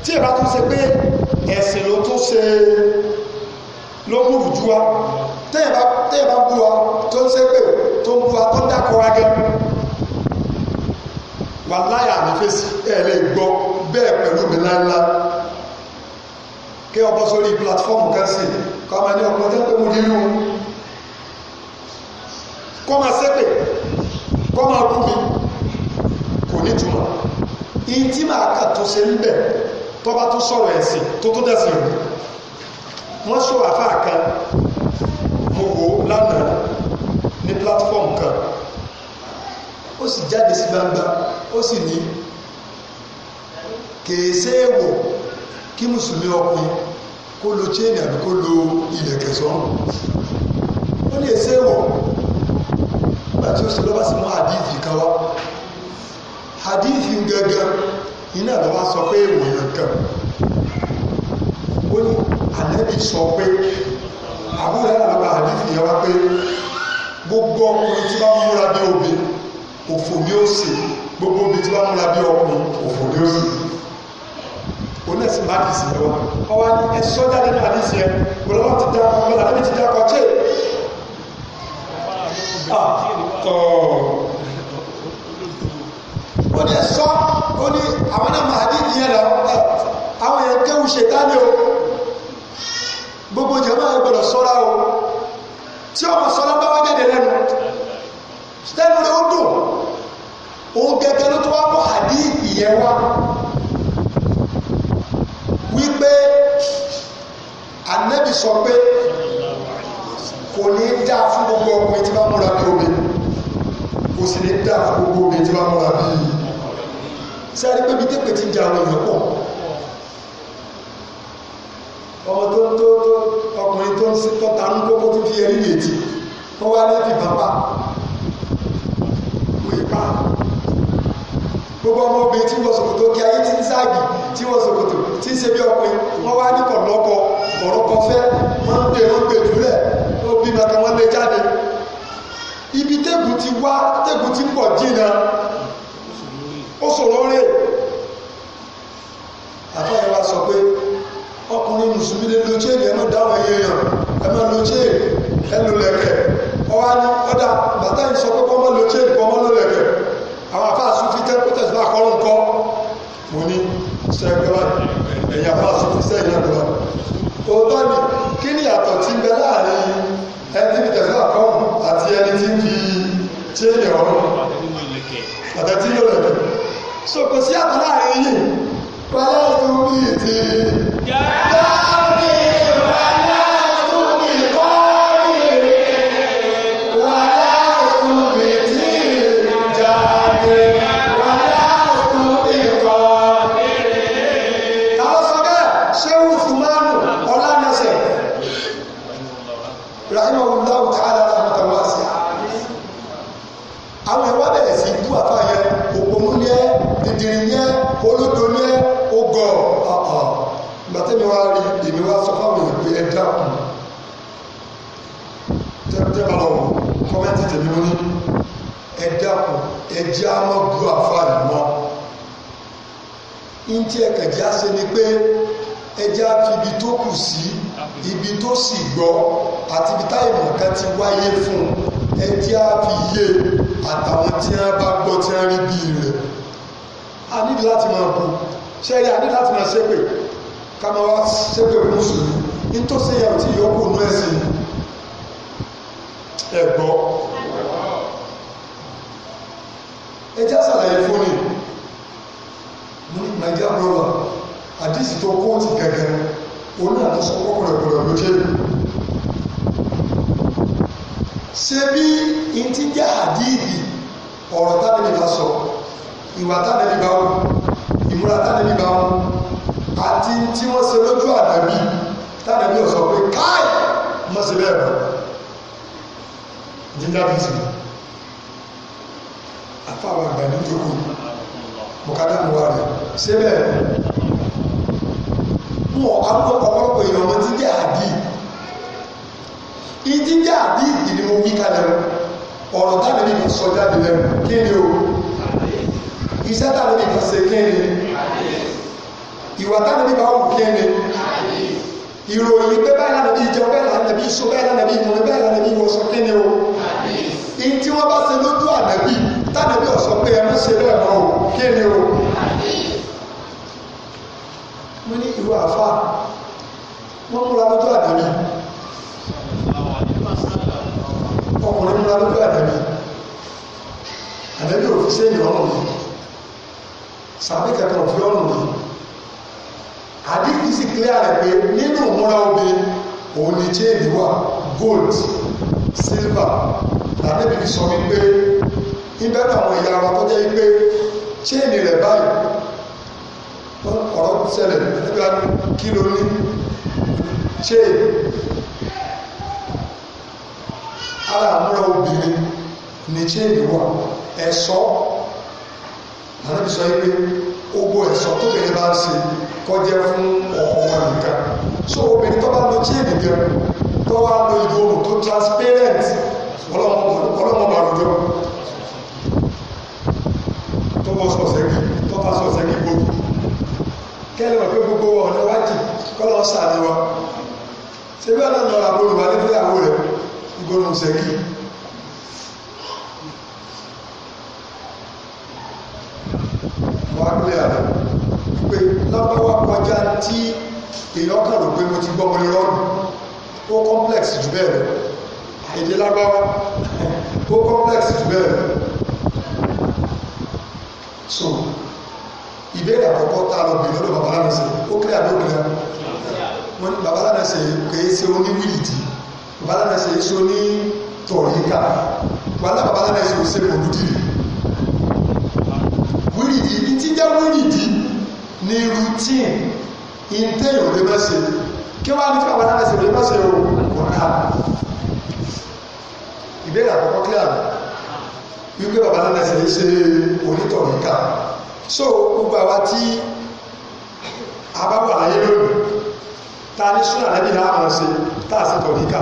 tí ìbá tún ṣe pé ẹ̀sìn ló tún ṣe ló mú rùjú wa tẹ́yẹ̀ bá bú wa tó ń ṣe pé tó ń bú wa tó ń dákọ̀ wa gẹ́ wà láyà àmì fèsì ẹ̀ lè gbọ́ bẹ́ẹ̀ pẹ̀lú mi láńlá kí ọbọ̀ sórí platform kan sí kọ́ ọmọ ẹni ọkọ̀ tó ń pè mú dínú kọ́ máa ṣépè kọ́ máa kú mi kò nítumọ̀ ìyí tí màá kà tó ṣe ń bẹ̀ tó bá tún sọ̀rọ̀ ẹ̀sìn tó tó dẹ̀sìn rú wọ́n sọ àfáà kan mo wò ó lánàá ní platform kan ó sì jáde sí gbangba ó sì ní kèése wò kí mùsùlùmí ọkùnrin kó lo chain àbí kó lo ilẹ̀kẹ̀ sọ́run ó ní èsè wò nígbà tí ó ṣe lọ́ba sí mọ́ àdíìfì kan wá àdíìfì gangan iná ló wá sọ pé èèyàn kan ó ní ànábì sọ pé àbúrò yàrá lọ́ba àdìfì yẹn wá pé gbogbo ọkùnrin tí bá múra bí obì òfò ni ó sè gbogbo obì tí bá múra bí ọkùnrin òfò ni ó sè onẹsìn bá dì sí ẹ wa ọwọ ni ẹ sọjá nínú àdìsí ẹ gbọdọ ti dá ọmọ ẹlẹ àdìsí dá kọ tẹ ah, ọ ó ní ẹ ó ní àwọn náà máa dídì yẹn lọ àwọn yẹn kéwu ṣètánì o gbogbo jàmá gbọ́dọ̀ ṣọ́ra o tí ọmọ sọ́ra bá wá jáde lẹ́nu lẹ́nu rẹ̀ ó dùn òun gẹ́gẹ́ ló tó wá mú àdídì yẹn wá wípé ànábì sọ pé kò ní dáa fún gbogbo ọkùnrin tí bá múra bí obìnrin kò sì ní dáa fún gbogbo obìnrin tí bá múra bí yìí sẹ́rí pé bídépè ti ń ja àwọn èèyàn pọ̀ ọmọ tó tó tó ọkùnrin tó ń sí tọ́ta ń kókó tó fi ẹrí létí kó wá ní fi bàbá wò ipa gbogbo ọmọ obìnrin tí wọ́n ṣòkòtò kí ayé ti ń ságì tí wọ́n ṣòkòtò tí ń ṣe bí ọkùnrin wọ́n wá ní kọ̀lọ́kọ ọ̀rọ̀ kọfẹ́ wọ́n ń gbé wọ́n gbé jùlẹ̀ ó bí bàtà wọ́n lé jáde ibi tẹ́gùn ti wá tẹ́gùn ti pọ̀ jìnnà ó sọ̀rọ̀ rẹ̀ àfáàyè wa sọ pé ọkùnrin mùsùlùmí lè lo chain ẹ̀ máa dáhùn ẹ̀yẹ yàn ẹ̀ máa lo chain ẹ̀ lò lẹ̀kẹ̀ ọwọ́ ni ọ̀dà bàtà yìí sọ pé kọ́ máa lo chain kọ́ máa lo lẹ̀kẹ̀ àwọn afáàsù fi tẹ́ pẹ́tẹ́sì bá kọ́ ló ń kọ́ mo ní sẹ́gbẹ́wá ẹ̀yìn afáàsù fi sẹ́yìn náà òótọ́ ni kí ni ìyàtọ̀ ti ń bẹ láàrin ẹni tí pẹ́tẹ́sì bá àti ẹni tí ń fi chain ọ̀rọ̀ àtẹ̀tí lò so kò sí àtàlà àárín yìí pẹ̀lú ìdúgbò yìí ti. ẹ dákun tẹ́tẹ́ bá lọ́wọ́ kọ́mẹ́ntì tèmi wọ́n ní ẹ dákun ẹ jẹ́ àmọ́ gbọ́ àfáàlì mọ́ ń tí ẹ kẹ̀jẹ́ á ṣe ni pé ẹ jẹ́ á fi ibi tó kù sí ibi tó sì gbọ́ àti ibi táyì mọ̀ọ́ká ti wáyé fún ẹ jẹ́ á yé àtàwọn tí wọ́n bá gbọ́ tí wọ́n rí bí rẹ̀ a níbi láti máa kú ṣẹ́yìn a níbi láti máa ṣépè ká máa wá ṣépè fún mùsùlùmí nítòsí ẹ̀yà tí yòókù nú ẹ̀sìn ẹ̀gbọ́ ẹjẹ́ àṣàlàyé fóònì ní nàìjíríà brọ́là àdìsí tó kóòtù gẹ́gẹ́ òun náà ló sọ pọ́pọ́rọ̀ ìgbọ̀rọ̀ ló jẹ́ ṣe bí n ti jẹ́ àdìdì ọ̀rọ̀ tánẹ́bí bá sọ ìwà tánẹ́bí bá wù ìmúra tánẹ́bí bá wù àti tí wọ́n ṣe lójú àdàbí táwọn ẹbí ọ̀sọ̀ pé káì mọ́ sí bẹ́ẹ̀ rẹ̀ jíjá bí sí àfáwọn àgbà ní jókòó bùkátà mú wa rẹ̀ ṣé bẹ́ẹ̀ mú àwọn ọ̀pọ̀lọpọ̀ èèyàn ọmọ jíjẹ́ àdí ìjíjẹ́ àdí ìdí mo wí kalẹ̀ ọ̀rọ̀ táwọn ẹbí kan sọ jáde lẹ́nu kí ni o iṣẹ́ táwọn ẹbí kan ṣe kí ni ìwà táwọn ẹbí kan wù kí ni ìròyìn pé báyìí lànà bí ìjọ bẹ́ẹ̀ lànà bí iṣu bẹ́ẹ̀ lànà bí ìmọ̀ràn bẹ́ẹ̀ lànà kí ni o. ìyí tí wọ́n bá ṣe lójú ànábì tànábì ọ̀sán pé ẹnu ṣe bẹ́ẹ̀ mọ́ o kí ni o. mo ní ìlú àfa wọ́n múra lójú ànábì ọkùnrin múra lójú ànábì ànábì òfin ṣe ìrọ̀rùn mi sàbí kẹkẹ ọ̀rùn mi àdìsí sì clear rẹ̀ pé nínú ìmúra obìnrin òun ni chain wà gold silver tàbí ibi sọ wípé níbẹ̀ náà àwọn ìyá ara tó jẹ́ wípé chain rẹ̀ báyìí ọ̀rọ̀ ṣẹlẹ̀ nígbà kí ló ní chain ara àmúra obìnrin ni chain wà ẹ̀ṣọ́ àdìsí sọ wípé gbogbo ẹ̀sọ́ tóbìnrin bá ń ṣe kọjá fún ọkọ wọn nìkan so obìnrin tó bá lo chain gan tó wá lo ìdòwò tó transparent ọlọ́mọba lójó tó bọ́ sọ̀sẹ́kì tó bá sọ̀sẹ́kì gbogbo kẹ́lẹ̀ wọ́n pé gbogbo ọ̀nà wájì kọ́lọ́ sàánú wa ṣé bí ọ̀nà lọ́ra bolùwà ní fúláwó rẹ̀ gbóná sẹ́kì. wàhálà àná pé lọ́wọ́ kọjá tí èèyàn kàn rò pé mo ti gbọ́ mo lè rọrùn ó complex jù bẹ́ẹ̀ lọ èdè lágbára ó complex jù bẹ́ẹ̀ lọ so ìbéèrè àkọ́kọ́ tá a lọ bèèrè lọ́dọ̀ bàbá lánàá sí ó kílẹ̀ àbí òkìlẹ̀ wọn bàbá lánàá sí kèé ṣe oní wíìlìtì bàbá lánàá sí ṣe oní tọ̀ríkà wàhálà bàbá lánàá múrìdì ibi tí jẹ́ múrìdì ní routine intanet òde bá ṣe kí wọ́n á ní tí bàbá náà ṣe òde bá o kò ká ìbéèrè àkọ́kọ́ clear mi wípé bàbá náà ṣe ṣe onítọ̀rọ̀ ká so gbogbo àwa tí a bá wà láyé lónìí ta ní súnà lẹ́bí náà máa ṣe tá a sì tọ̀rí ká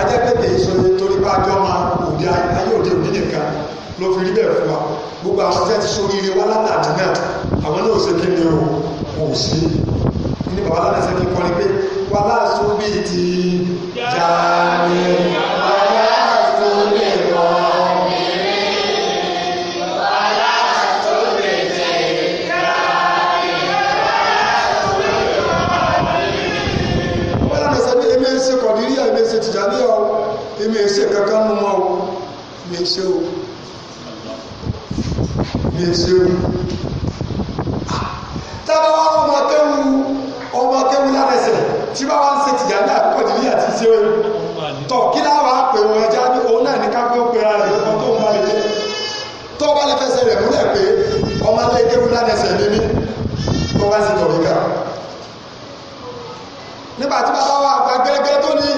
ajẹ́pẹ̀pẹ̀ ìṣòro torí bá jọ máa òde ayé òde òní nìkan ló fi rí bẹ́ẹ̀ fún wa gbogbo asọ́fẹ́ ti sórí ilé wa látàdí náà àwọn náà ṣe kí ni o kò sí ní bàbá láti ṣe kí kọrin pé wà láàṣọ bíi ti jáde wà láàṣọ bíi kọ́. ṣe kọ̀dírí àìmẹ́sẹ̀ tìjà ní ọ èmi ẹ̀ṣẹ̀ kankan mú mọ́ ọ mi ṣe o bíi ṣéwù tábà wà ọmọ akéwù ọmọ akéwù lárẹsẹ tí bá wà ń ṣe tìjà ní àkọjìlí àti ṣéwù tọ kí láwa pè wọn ẹja ní òun náà ní káfíń ó pera rẹ ọmọ tó ń bá lè dé tó bá lè fẹsẹ̀ rẹ̀ múlẹ̀ pé ọmọ akéwù lárẹsẹ mímí tó wá sí tọ̀ríkà nígbà tí bàbá wa àgbà gẹ́gẹ́ tó ní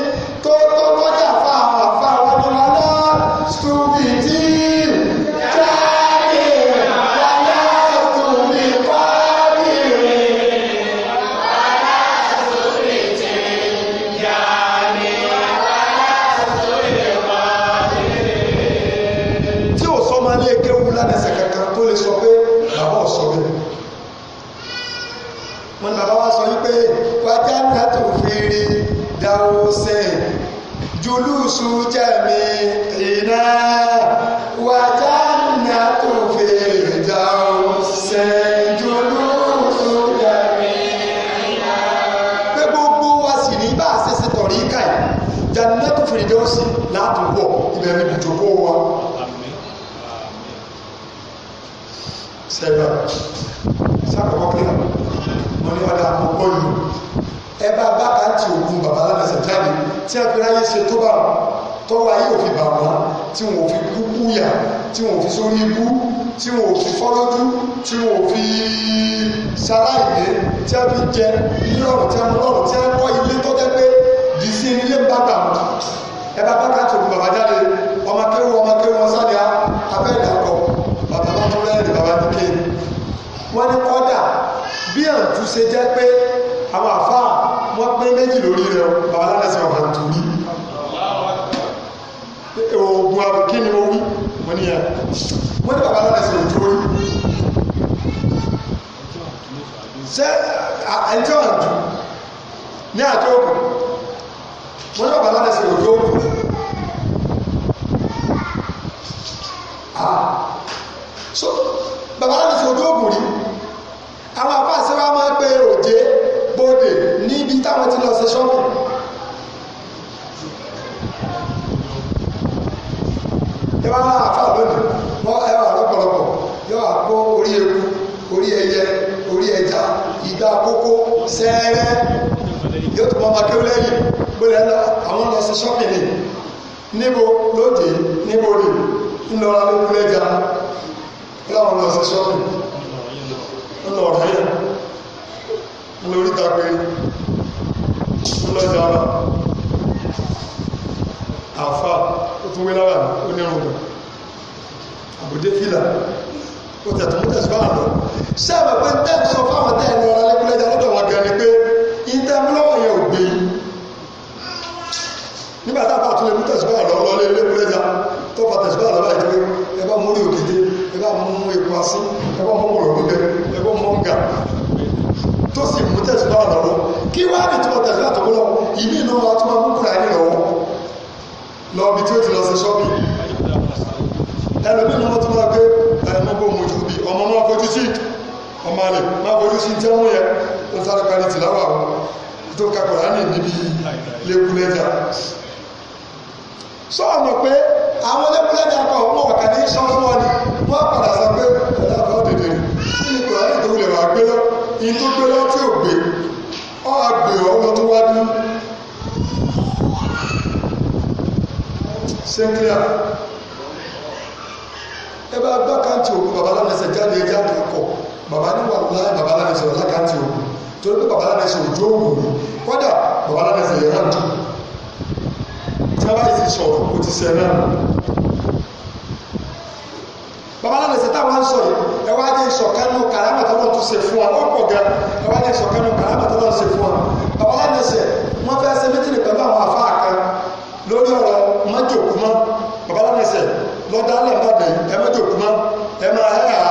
tó tó tọ́jà fáwọn àfáwọn ọdún lálá stúbì النفوس جميعنا وجنة الفردوس جلوس جميعنا gbogbo wa sì ní bá a ṣe ṣe tọ̀rí ká yìí jannatu firidausi látòwọ̀ ìbẹ̀rẹ̀ ìjòkó wa. sẹ́gbà sábà wọ́pẹ́ wọn ni wọ́n dà gbogbo yìí ẹ bá bá àǹtí ògùn bàbá alábẹ̀sẹ̀ jáde tí wọ́n fi ráyè ṣe tó bá wọn tọ́wọ́ ayé òfin bà wọ́n tí wọ́n fi kú kúyà tí wọ́n fi sórí ibú tí wọ́n fi fọ́lọ́dú tí wọ́n fi sáláìdé tí wọ́n fi jẹ ilé ọ̀rọ̀ tí wọ́n lọ́rọ̀ tí wọ́n kọ́ ilé tó jẹ́ pé ẹni tí wọ́n dùn ní àjọ òkú wọ́n yóò bá láti ṣe òjò òkú. Ah. so bàbá láti ṣe òjò òkú rí àwọn àfáàṣẹ wa máa ń pe òjé bóde níbi táwọn ti lọ ṣe ṣọ́ọ̀bù. ẹ bá náà àfa lónìí wọ́n ẹ wà lọ́pọ̀lọpọ̀ yóò wá orí eku orí ẹyẹ orí ẹja ìgbà àkókò sẹ́ẹ̀rẹ́ yóò tó mọ ọmọ akéwì lẹ́yìn gbọ́dọ̀ lọ àwọn lọ sí ṣọ́pìnì níbo lóde níbo rè ńlọra ló kú lẹ́jà láwọn lọ sí ṣọ́pìnì ńlọ ọ̀rọ̀ yẹn ńlọ oríta pé ńlọjà ara àfa ó tún wé lára onírun àbúdé fìlà ó ti àtúntò tẹ̀síwá àná sábà pé ń tẹ́ sọ fáwọn tẹ́ ẹni ọ̀rọ̀ lẹ́kúlẹ́jà lọ́dọ̀ wọn gan ni pé ìtẹ́múlọ́wọ̀ yẹn ò gbé nígbà tá a bá tún lè mú tẹ̀síwá àná lọ́lé lẹ́kúlẹ́jà tó fa tẹ̀síwá àná báyìí pé ẹ bá mú orí òkété ẹ bá mú epo asín ẹ bá mú ọ̀rọ̀ gbígbẹ ẹ bá mú ọ̀gà tó sì mú tẹ̀síwá àná lọ kí wá ẹlòmíì náà tó máa gbé ẹ̀mọ́ bó mojú bí ọmọ máa fojú sí ọmọ àlè máa fojú sí jẹ́ wọ́n yẹ tó sáré parí tìláwà tó ka Kùránì níbi lẹ́kùlẹ́jà sọ ọmọ pé àwọn lẹ́kùlẹ́jà kan wọn ọ̀kà ní sọ fún ọ ni wọ́n padà sọ pé ọ̀dà kan tètè rè kí ni Kùránì tó wulẹ̀ wà gbé lọ ìyí tó gbé lọ tí ò gbé ọ àgbè ọwọ́ tó wá dúró ẹ bá gbá káńtì babalá bàbá lánàṣẹ jáde ẹjá kan kọ bàbá ní wà láì bàbá lánàṣẹ wà lákàntì òkú torí pé bàbá lánàṣẹ òjò òkú ni kódà bàbá lánàṣẹ yẹn hàn jù tí a bá yìí ti sọ̀rọ̀ kò ti sẹ náà bàbá lánàṣẹ táwọn ń sọ yìí ẹ wá jẹ ìsọkánú kàrámà tó lọ tún ṣe fún wa wọn pọ̀ gan ẹ wá jẹ ìsọkánú kàrámà tó lọ ṣe fún wa bàbá lánàṣẹ wọn fẹẹ ṣe mítìrì pẹ̀lú àwọn àfáà kan lórí ọ̀rọ̀ mọjòkúmọ bàbá lánàṣẹ lọ́dálẹ̀ bàdàn ẹ má jòkú mọ́ ẹ má hẹ́hà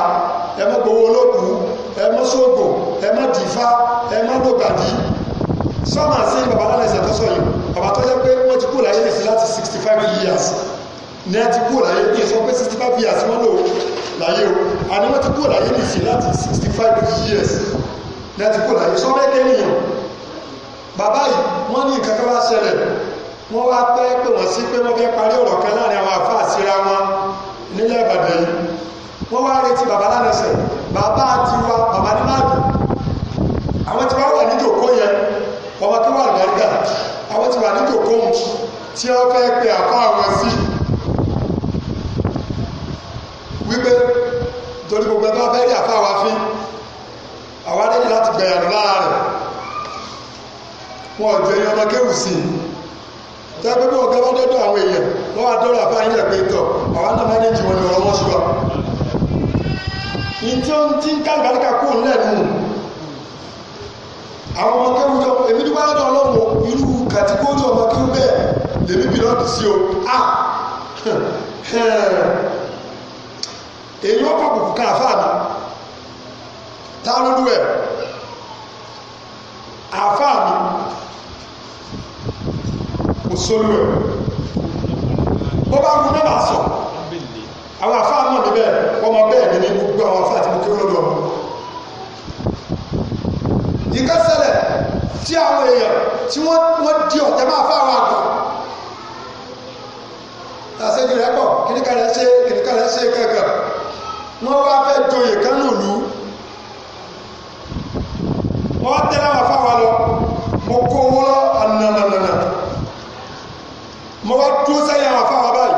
ẹ má gbowó olóògùn ẹ má sóògùn ẹ má dìfá ẹ má lògbàdì sọ́mà sí babaláwo ẹ̀sẹ̀ tó sọ yìí bàbá tó yẹ pé wọ́n ti kú láyé nìsí láti sixty five years ní ẹ ti kú láyé ní sọ pé sixty five years wọ́n lò láyé o àní wọ́n ti kú láyé nìsí láti sixty five years ní ẹ ti kú láyé sọ́mà ẹ̀kẹ́ nìyẹn bàbá yìí wọ́n ní nǹkan kan wá ṣẹlẹ̀ wọ́n wá pẹ́ pé wọ́n sí pé wọ́n fẹ́ parí ọ̀rọ̀ kan láàrin àwọn àfáà síra wọn nílẹ̀ Ìbàdàn yìí wọ́n wá retí bàbá lánàṣẹ bàbá ti wá bàbá ní máàdù àwọn tí wọ́n wà ní jòkó yẹn ọmọ tó wà lọ́gà àwọn tí wà ní jòkó tí wọ́n fẹ́ pe àfáà wọn sí wípé torí gbogbo ẹgbẹ́ fẹ́ rí àfáà wa fín àwa nílò láti gbẹ̀yànú lára rẹ̀ wọn ò jẹ́ ọmọ kéwù sí i tẹ́gbẹ́ bí ọ̀gá bá dọ́dọ̀ àwọn èèyàn wọ́n wá dọ́rọ̀ àfáà yín ẹ̀pẹ́ tọ̀ àwọn náà máa ní jù ní ọ̀rọ̀ wọn ṣùgbọ́n. ìtí ó ń tí ń kálùbá ní kakú òun náà àwọn ọmọ kẹ́wù jọ èmi dúpẹ́ lọ́dọ̀ ọlọ́wọ́ irú kàtíkóòtù ọmọ kẹ́wù bẹ́ẹ̀ lèmi bì lọ́dún sí o. Ah! *laughs* èyí ó pọ̀ kùkù kan àfáà mi tá ló lú ẹ̀ mi òṣòlù ẹ̀ bó bá kú mẹ́bàá sọ àwọn àfáà náà níbẹ̀ ọmọ bẹ́ẹ̀ ni gbogbo àwọn àfáà ti mú kí wọ́n lọ ìkẹsẹ̀lẹ̀ tí àwọn èèyàn tí wọ́n di ọ̀tẹ̀ máa fáwọn àgbà tàṣẹ́jú rẹ̀ pọ̀ kìníkà rẹ̀ ṣe kìníkà rẹ̀ ṣe kẹ̀kẹ̀ wọ́n wá fẹ́ joyè kan lòlú wọ́n tẹ́lẹ̀ wọn fáwọn lọ mo kó owó lọ ànànànànà mo wá dúró sẹ́yìn àwọn afáwọn báyìí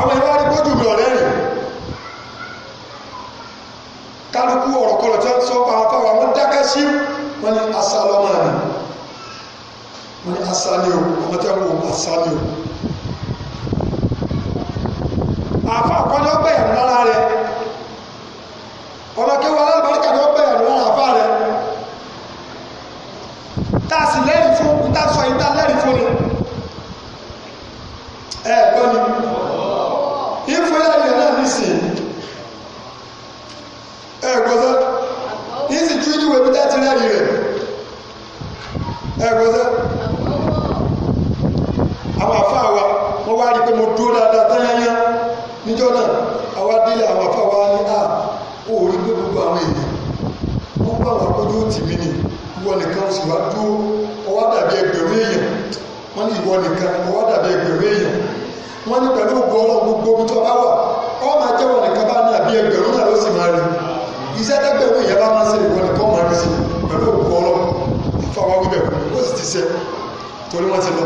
àwọn ìwà rí gbọ́dọ̀ mi ọ̀rẹ́ rìn kálukú ọ̀rọ̀ kọlọ̀ tí wọ́n sọ pa àwọn afáwọn wọn dákẹ́ sí wọn ni asa lọ́mọ rẹ̀ wọn ni asa o ọmọ tí wọn kò asa ni o àfa àkọ́jọ́ bẹ̀rẹ̀ lára rẹ̀ ọmọ kẹwàá alábàárẹ̀ kàdọ́ bẹ̀rẹ̀ lára àfa rẹ̀ tá a sì lẹ́rìí fún ìta sọ ìta lẹ́rìí fún ni ẹ gbọ́ ni ìfúnlẹ̀rì náà nísìnyí ẹ gbọ́ sọ yìí sì tún ìdíwèé bí tẹ́tí lẹ́rìí rẹ̀ ẹ gbọ́ sọ àwọn àfáà wa wọ́n wá rí pé mo dúró dáadáa tẹ́yẹ́yẹ́ níjọ́ náà àwa délé àwọn àfáà wa ní à ó rí pé gbogbo àwọn èèyàn wọ́n bá wà kójú ó nìyí ìwọ nìkan o sì wá dúró ó wá dàbí ẹgbẹ̀rún èèyàn wọ́n ní ìwọ nìkan ó wá dàbí ẹgbẹ̀rún èèyàn wọ́n ní pẹ̀lú ògbó ọlọ́run gbogbo omi tó bá wà ó máa jẹ́ wọn nìkan bá ní àbí ẹgbẹ̀rún náà ló sì máa rí iṣẹ́ dẹ́gbẹ̀rún ìyá bá máa ṣe ìwọ nìkan máa rí sí pẹ̀lú ògbó ọlọ́run fáwọn wíbẹ̀ ó sì ti ṣe torí wọ́n ti lọ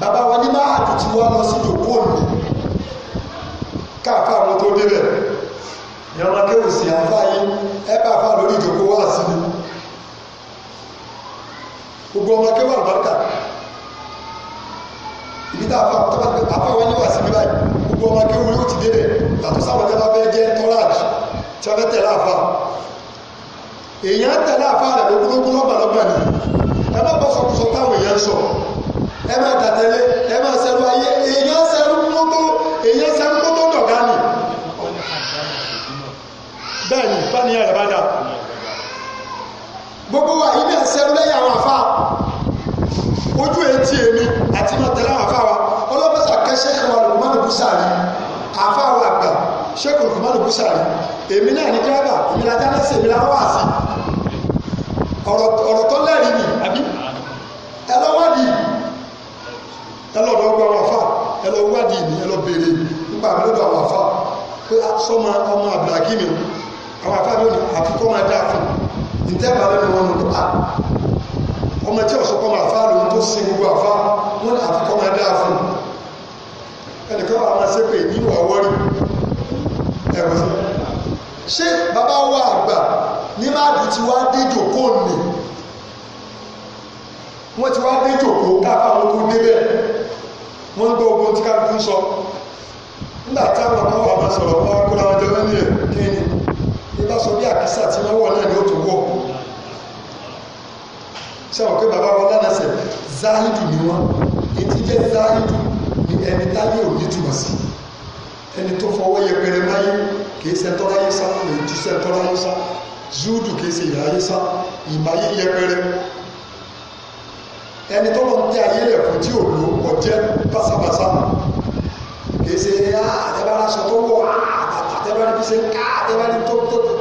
bàbá wa ní máa àtútù wa lọ sí ìdòkó òní káàfà àwọn tó débẹ̀ ìran kí òsì àǹfààní ẹ bá fà lórí ìjòkó wá sí ni gbogbo ọmọ kí wà lùbáríkà ibi tá àfà wọn ní wà sí ní báyìí gbogbo ọmọ kí wọn yóò ti débẹ̀ yàtọ̀ sáwọn tẹ́lá fẹ́ jẹ́ tọ́láàjì tí wọ́n fẹ́ tẹ̀lé àfà èèyàn tẹ̀lé àfà rẹ̀ lógúnlógún lọ́gbàlọ́gbà ni ẹ má bọ́ sọkúsọ táwọn èèyàn sọ ẹ má tàtẹ́lé ẹ má sẹ́rú ayé èèyàn sẹ́rú mọ́tò èèyàn sẹ́rú mọ́tò dọ̀gá ni bẹ́ẹ̀ ni báni ẹ̀rẹ̀ bá dà gbogbo wa ilé ẹ̀sẹ̀rú lẹ́yìn àwọn àfa ojú etí èmi àti mọ̀tẹ́lá àwọn àfa wa ọlọ́pàá kẹsẹ̀ ẹ̀wà lùmọ́nù bùsàrí àfa wa àgbà ṣẹ́kù lùmọ́nù bùsàrí èmi náà ní dírẹ́bà èmi la dáná sí èmi la wá sí ọ̀rọ̀ tó lẹ́rìí ni àbí ẹ lọ wádìí ẹ lọ dọ́gba àwọn àfa ẹ lọ wádìí ni ẹ lọ béèrè nígbà mi lọ́dọ̀ àwọn àfa pé sọ́mọ ọmọ àbdàkí mi àwọn àfáàdé òní àfikọ́ máa dáa fún ìtẹ́bà lẹ́nu wọn nù à ọmọ tí ọ̀sọ́kọ́ máa fá lòun tó sin gbogbo àfá wọn àfikọ́ máa dáa fún ẹnìkan wà máa ṣépè nínú àwọ́rí ẹ̀rọ sí ṣé bàbá wa àgbà ní máàbí ti wá dé jòkó nì wọ́n ti wá dé jòkó káfà wọn tó débẹ̀ wọ́n ń gbọ́ ogun tí ká ń sọ nígbà táwọn ọmọ wa máa sọ̀rọ̀ wọn kó láwọn jẹ́ lẹ́nu ẹ̀ kí ni bá sọ bí àkísà tí wọ́n wọ̀ náà ni ó tó wọ̀ sẹ́wọ̀n pé bàbá wọn lánàṣẹ záhídù ni wọ́n ètí jẹ́ záhídù ni ẹni táyé ò ní túmọ̀ sí ẹni tó fọwọ́ yẹpẹrẹ máyé kìí sẹ́ńtọ́ráyé sá èyí tí sẹ́ńtọ́ráyé sá zúdù kìí ṣe ìráyé sá ìmáyé yẹpẹrẹ ẹni tó lọ ń tẹ ayé rẹ̀ fún tí ò lò kọjẹ́ básábásá èsè àtẹ́bára ah, sọ tó kọ̀ àtẹ́bára ah, bí ṣe ń ká àtẹ́bára tó tó tó.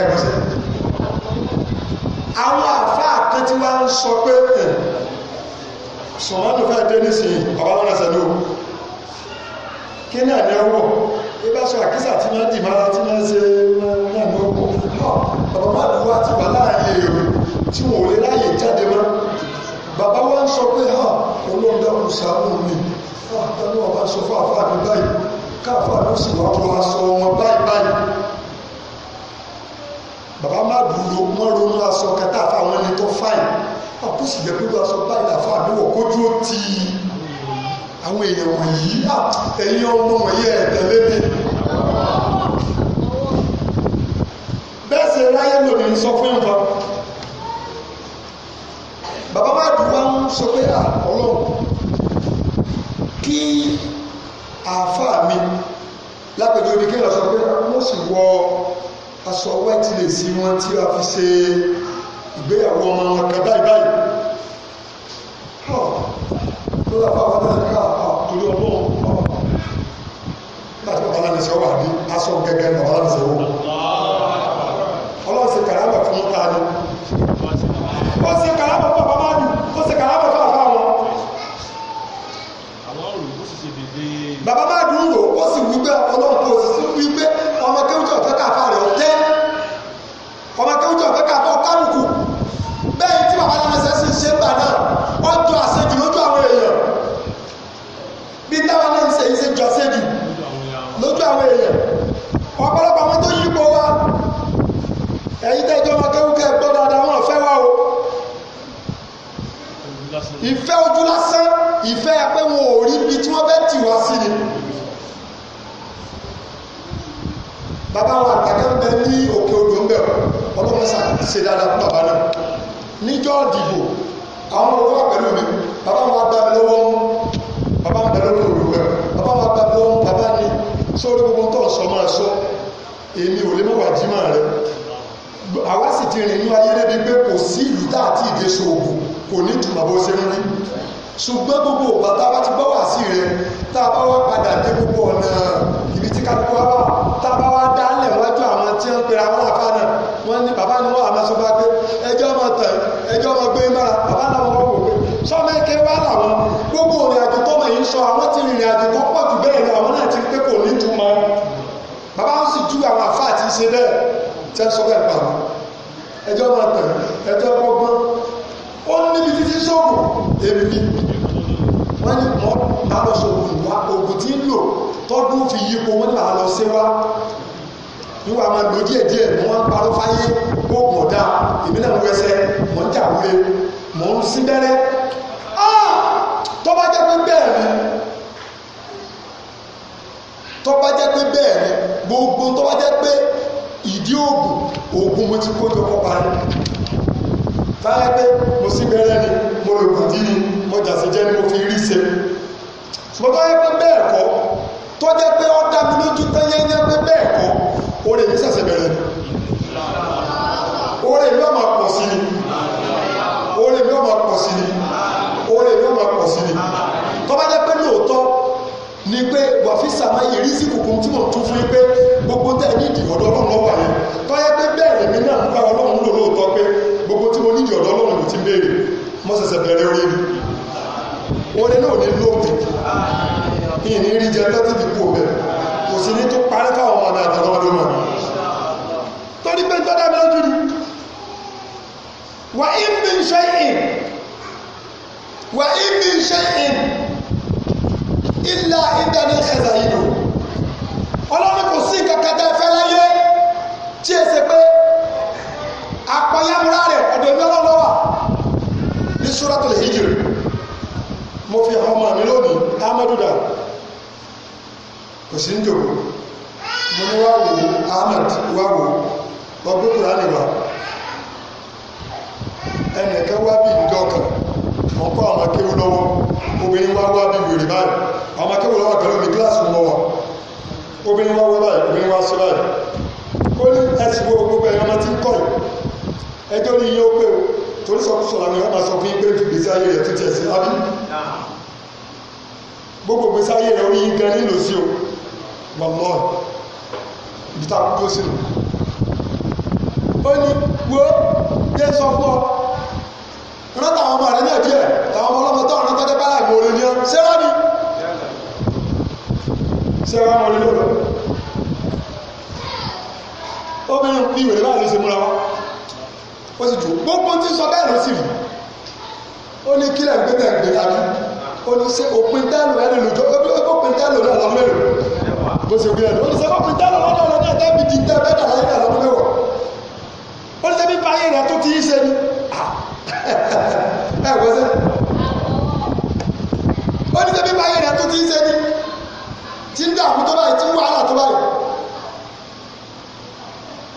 ẹ̀rọ sẹ́ àwọn àfáà kan tí ń sọ pé hmm, sọ̀rọ̀ tó fẹ́ dé nísìnyí ọ̀bá wọn lọ́sẹ̀ ní kí ní àdé ọwọ́ bí bá sọ àkísà tí wọ́n dì mára tí wọ́n ṣe náà ní ọkọ̀ wọn àti wà láàrin èrò tí wọ́n ò lè láàyè jáde mọ́ bàbá wa ń sọ pé ha olóhùn dákun sàánú mi àtàlù ọba sọ fún àfáà mi báyìí káfáà ló sì wá tó aṣọ wọn báyìí báyìí bàbá má dúró wọn ronú aṣọ kẹta àfáwọn ẹni tó fáyìn àpòsì jẹ pé aṣọ báyìí àfáà mi wọ kójú ó ti àwọn èèyàn wọ̀nyí ẹ̀yin ọmọ wọ̀nyí ẹ̀ tẹ̀lé mi. bẹ́ẹ̀ sì ráyé lòdì ń sọ fún ìtàn bàbá máa dùn wá ń sọ pé à ah, ọlọ́run kí àáfàá mi lápẹjọ ní kí n lọ sọ pé wọ́n sì wọ aṣọ wẹ́ẹ̀tì lè sí wọn tí a fi ṣe ìgbéyàwó ọmọ wọn kan báyìí báyìí tó lọ́pàá wọn náà ká àtúndì ọlọ́run nígbà tí bàbá náà lè ṣe wà ní aṣọ gẹ́gẹ́ bàbá náà lè ṣe ọlọ́run ṣe kàrámà fún ta ni ó ṣe kàlábà fún bàbá máàlù ó ṣe kàlábà fún àfa wọn. bàbá máàlù ń rò ó sì wí pé ọlọ́run kò sì wí pé ọmọ kéwùjọ fẹ́ káfa rẹ̀ ó tẹ́ ọmọ kéwùjọ fẹ́ káfa ó kálukú bẹ́ẹ̀ tí bàbá lámẹsẹ̀ sì ṣe ń bà náà ọjọ́ lójú àwọn èèyàn bí táwọn náà ń ṣe ìṣèjọ àṣejù lójú àwọn èèyàn ọ̀pọ̀lọpọ̀ àwọn tó yípo wa ẹ̀yin tẹ́jọ́ ọmọ kéwùjọ ẹ̀gbọ́n dáadáa wọn. ìfẹ́ ojú lásán ìfẹ́ pé wọn ò rí ibi tí wọ́n fẹ́ tì wá sí ni. bàbá wa àtàkà ń bẹ ní òkè odò ń bẹ ọlọ́run sà ṣe dáadáa fún bàbá náà níjọ́ ìdìbò àwọn ọmọ wa pẹ̀lú mi bàbá wa gbà mí lọ́wọ́ mú bàbá mi bẹ̀rẹ̀ lórí òru bẹ̀rẹ̀ bàbá wa gbà mí lọ́wọ́ mú bàbá mi sórí gbogbo tó ń sọ máa sọ èmi ò lè mọ̀ wá jí máa rẹ̀ àwa sì ti rìn ní ayé débi pé kò sí ìlú tá àti ìdè ṣòògùn kò ní ìtumọ̀ bó ṣe ń rí ṣùgbọ́n gbogbo bàtà bá ti bọ́ wá sí rẹ tá a bá wá padà dé gbogbo ọ̀nà ibi tí kálukú wá tá a bá wá dálẹ̀ wájú àwọn tí wọ́n ń pera wọn àfa náà wọ́n ní bàbá ni wọ́n àmọ́ sọ fún wa pé ẹjọ́ ọmọ tàn ẹjọ́ ọmọ gbé mára bàbá làwọn wọ́n wò pé sọ́mẹ́kẹ́ wá làwọn gbogbo ìrìn àjò tó mọ̀ yìí sọ àwọn ti rìnrìn àjò tó pọ̀ jù bẹ́ẹ̀ lọ àwọn náà ti pé kò ní ìtumọ̀ bàbá wọn sì ju àwọn àfa àti ṣe bẹ́ẹ̀ ó níbi títí sóògùn èmi wọ́n ní wọ́n bá lọ sóògùn ìwà ògùn tí ń lò tọ́dún fi yípo wọn là lọ sí wa níwà máa lò díẹ̀ díẹ̀ mọ́ wọn parọ́ fáyé gbóògùn ọ̀dà èmi náà ń wẹsẹ̀ mọ́ ń jàwé mọ́ ń sí bẹ́rẹ́ ah! tọ́ba jẹ́ pé bẹ́ẹ̀ ni tọ́ba jẹ́ pé bẹ́ẹ̀ ni gbogbo tọ́ba jẹ́ pé ìdí òògùn òògùn mo ti kó jọ kọ́ parí báyẹ̀ pé mo sí bẹ̀rẹ̀ ni mo rò pàdé ni mo jàsí jẹ́ ni mo fi rí ṣe ṣùgbọ́n tó yẹ pé bẹ́ẹ̀ kọ́ tó jẹ́ pé ó dá lójú tán yẹ́ yẹ́ pé bẹ́ẹ̀ kọ́ oore mi ṣẹ̀ṣẹ̀ bẹ̀rẹ̀ ni oore mi ọmọ pọ̀ sí ni oore mi ọmọ pọ̀ sí ni oore mi ọmọ pọ̀ sí ni tó bá jẹ́ pé lóòótọ́ ni pé wàfíìsà máa yẹ rísí kùkùn tí gbogbo tẹ ní ìdí ọ̀dọ̀ ọlọ́run lọ́wọ́ yẹn tọ́yẹ pé bẹ́ẹ̀ lèmi náà ń lò gbogbo tí mo ní ìdí ọ̀dọ̀ ọlọ́run ti béèrè mo ṣẹ̀ṣẹ̀ bẹ̀rẹ̀ orí mi orin náà ní lóòótọ́ ìní rí jẹ tẹ́tí ti kú kò sí ní tó parí ọmọ àtàwọn wọn torí ilà ìdáná ẹ̀dá yìí lò ọlọ́run kò sí nǹkan kẹta ẹ̀fẹ́ láyé tí ẹ ṣe pé apayamura rẹ̀ ọ̀dọ̀ mi ọlọ́lọ́wà ní Suratul Hijr mo fi àwọn ọmọ mi lónìí Amadu dà kò sí ń jòkó mo ní wá wò Ahmed wá wò ọgbẹ́ kúránì wa ẹnìkan wá bí ìjọ kan mọ̀ kọ́ àwọn akéwù lọ́wọ́ obìnrin wá wá bí wèrè báyìí àwọn akẹ́wò lọ́wọ́ pẹ̀lú mi kíláàsì mọ́ wa obìnrin wá wá báyìí obìnrin wá sí báyìí ó ní ẹsìn wo gbogbo ẹ̀yọ́ máa ti ń kọ́ yìí ẹjọ́ ní iye ó o torí sọkúsọ làwọn èèyàn máa sọ fún yín pé gbèsè ayé rẹ̀ tún tiẹ̀ sí lábí gbogbo gbèsè ayé rẹ̀ orí yín gan nílò sí o wàlọ́ọ̀ ibi tá sí lò ó ní wo jẹ́ sọ fún ọ rántà àwọn ọmọ rẹ náà díẹ̀ àwọn ọmọ ọlọ́mọ tó ọ̀rán tọ́jú bálà ìmọ̀ òrìlẹ̀ ṣẹ́rá ni ṣẹ́rá wọn lé lọ́rọ̀ obìnrin bí ìwé báyìí ló ṣe múra wá ó sì jù gbogbo tí sọ bẹ́ẹ̀ ló sì rí ó ní kílẹ̀ gbẹ́tẹ̀ gbé tàbí ó ní ṣe òpin tẹ́lù ẹni lòjọ́ ó bí ó pin tẹ́lù náà lọ́mọ lérò bó ṣe gbé ẹni ó ní ṣe òpin tẹ́lù lọ́dọ̀ lọ́dọ̀ tẹ́bi ti tẹ́ bẹ́ẹ̀ ẹ kò sí. ó ní sẹ́bí báyìí rẹ̀ tó ti ń ṣe ní tí ń dààmú tó báyìí tí ń wàhálà tó báyìí.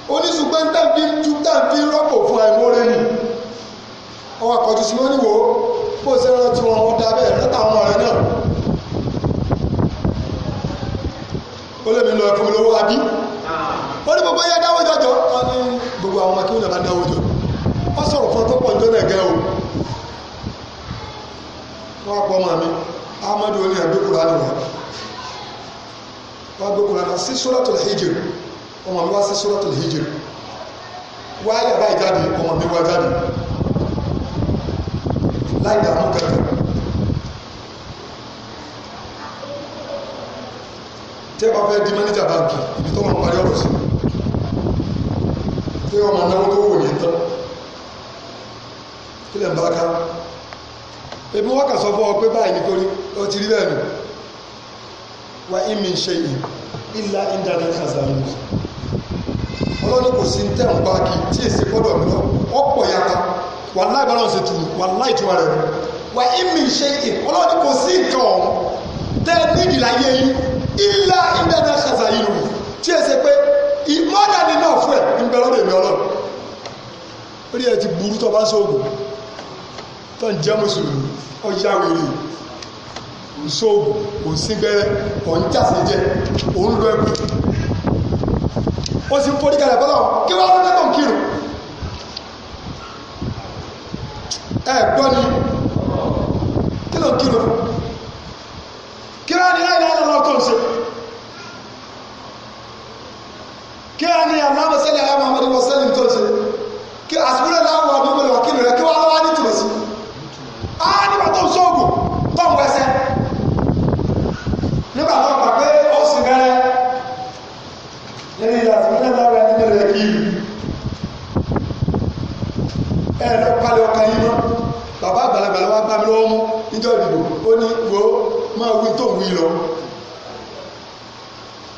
ó ní ṣùgbọ́n tàbí ju tàbí rọ́pò fún ẹ̀ lórí ni. ọwọ́ àkọ́jú sí wọn níwò bó ṣe rántí wọn ó dá bẹ́ẹ̀ rántà àwọn ọ̀rẹ́ náà. ó lè mi lọ ẹ̀fọ́ mi lówó abí. ó ní gbogbo yẹn dáwọ́ jọjọ́ gbogbo àwọn ọmọ kí wọ́n lè bá dáwọ́ jọjọ́ ọ sọ̀rọ̀ fún ọ tó pọ̀ ní tọ́lẹ̀ gẹ́ o wọ́n pọ̀ ọmọ mi amadu oní àgbékùrá ni wọ́n wọ́n àgbékùrá náà sí suratul hijr ọmọ mi wá sí suratul hijr wáyà báyìí jáde ọmọ mi wá jáde láì dààmú kankan tí ẹ bá fẹ́ di mẹ́nẹ́jà báńkì ibi tó máa parí ọ̀rọ̀ sí pé ọmọ náwó tó wò yẹn tán kílẹ̀ ń bá ká ebi wọ́n kà sọ fún ọ pé báyìí nítorí ó ti rí bẹ́ẹ̀ nù wá ìmì ṣe yìí ilá ìdáná kàzàmù ọlọ́ni kò sí tẹ̀ ń bá kí tí èsì gbọ́dọ̀ mi lọ ọ̀pọ̀ yàtá wà láì bá náà ṣe tù wà láì tù ara rẹ̀ wà ìmì ṣe yìí ọlọ́ni kò sí nǹkan ọ̀hún tẹ́ nídìí láyé yìí ilá ìdáná kàzàmù tí èsì pé ìmọ̀dà nínú ọ̀fọ̀ ẹ̀ ń bẹ lọ́dọ̀ èmi ọlọ́run rí ẹ ti burú tó bá sóògùn tó ń jẹ́ mùsùlùmí ọjà wèrè òun ṣóògùn òun sígbẹ́rẹ́ òun jàsẹ̀ jẹ òun lọ ẹ̀kú ó sì ń forí kalẹ̀ bọ́lá kí wọ́n lọ́dẹ́ tó ń kírun ẹ gbọ́ ni kí ló ń kírun fún kí wọ́n ní láyé láyé lọ́wọ́ tó ń ṣe kí wọ́n ní aláàmọ̀sẹ́lẹ̀ ayé muhammadu wasalim tó ń ṣe kí àsìkò náà á nígbà tó ń sóògùn tó ń pẹsẹ nígbà tó gbà pé ó sì bẹ̀rẹ̀ lẹ́yìn ìyàtọ̀ nígbà tó rẹ nínú rẹ kí ẹ lọ palẹ̀ ọkàn yín mọ́ bàbá àgbàlagbà ló wá bá mi lọ́wọ́ mú níjọ́ ìdìbò ó ní wo máa wí tó ń wí lọ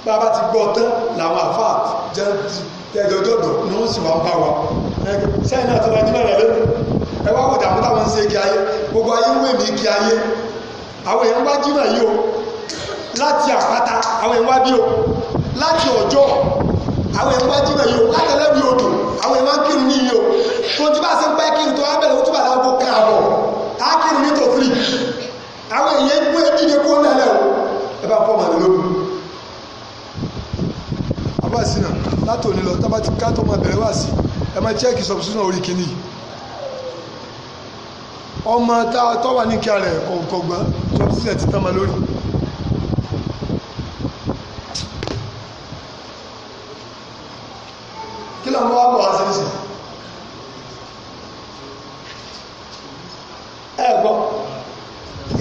bàbá ti gbọ́ bá wa sẹ́yìn náà tó bá jí náà ẹ wá wọ̀dà mú táwọn ń ṣe kí ayé gbogbo ayé ń wé mi kí ayé àwọn èèyàn wá jìnnà yìí o láti àpáta àwọn èèyàn wá bí o láti ọjọ́ àwọn èèyàn wá jìnnà yìí o láti ẹlẹ́bi odò àwọn èèyàn wá ń kírun ní iye o tó ti bá ṣe ń pẹ́ kí n tó wá bẹ̀rẹ̀ ó túbà láago kan àbọ̀ á kírun ní tòfìrì àwọn èèyàn gbé dídé kó lẹ́lẹ̀ o ẹ bá fọ́ màlúù lóbi àbá sínà látòní lọ tábà ti ká tó máa bẹ̀rẹ̀ wá sí ẹ máa jẹ́ kí sọ̀bùsùn náà orí kìíní yìí ọmọ tá a tọ́ wà ní kí a rẹ̀ kọ̀ọ̀kọ̀gbọ́n tó ti sílẹ̀ títàn máa lórí. kí ló ń wá bọ̀ wá sí ìsìn? ẹ gbọ́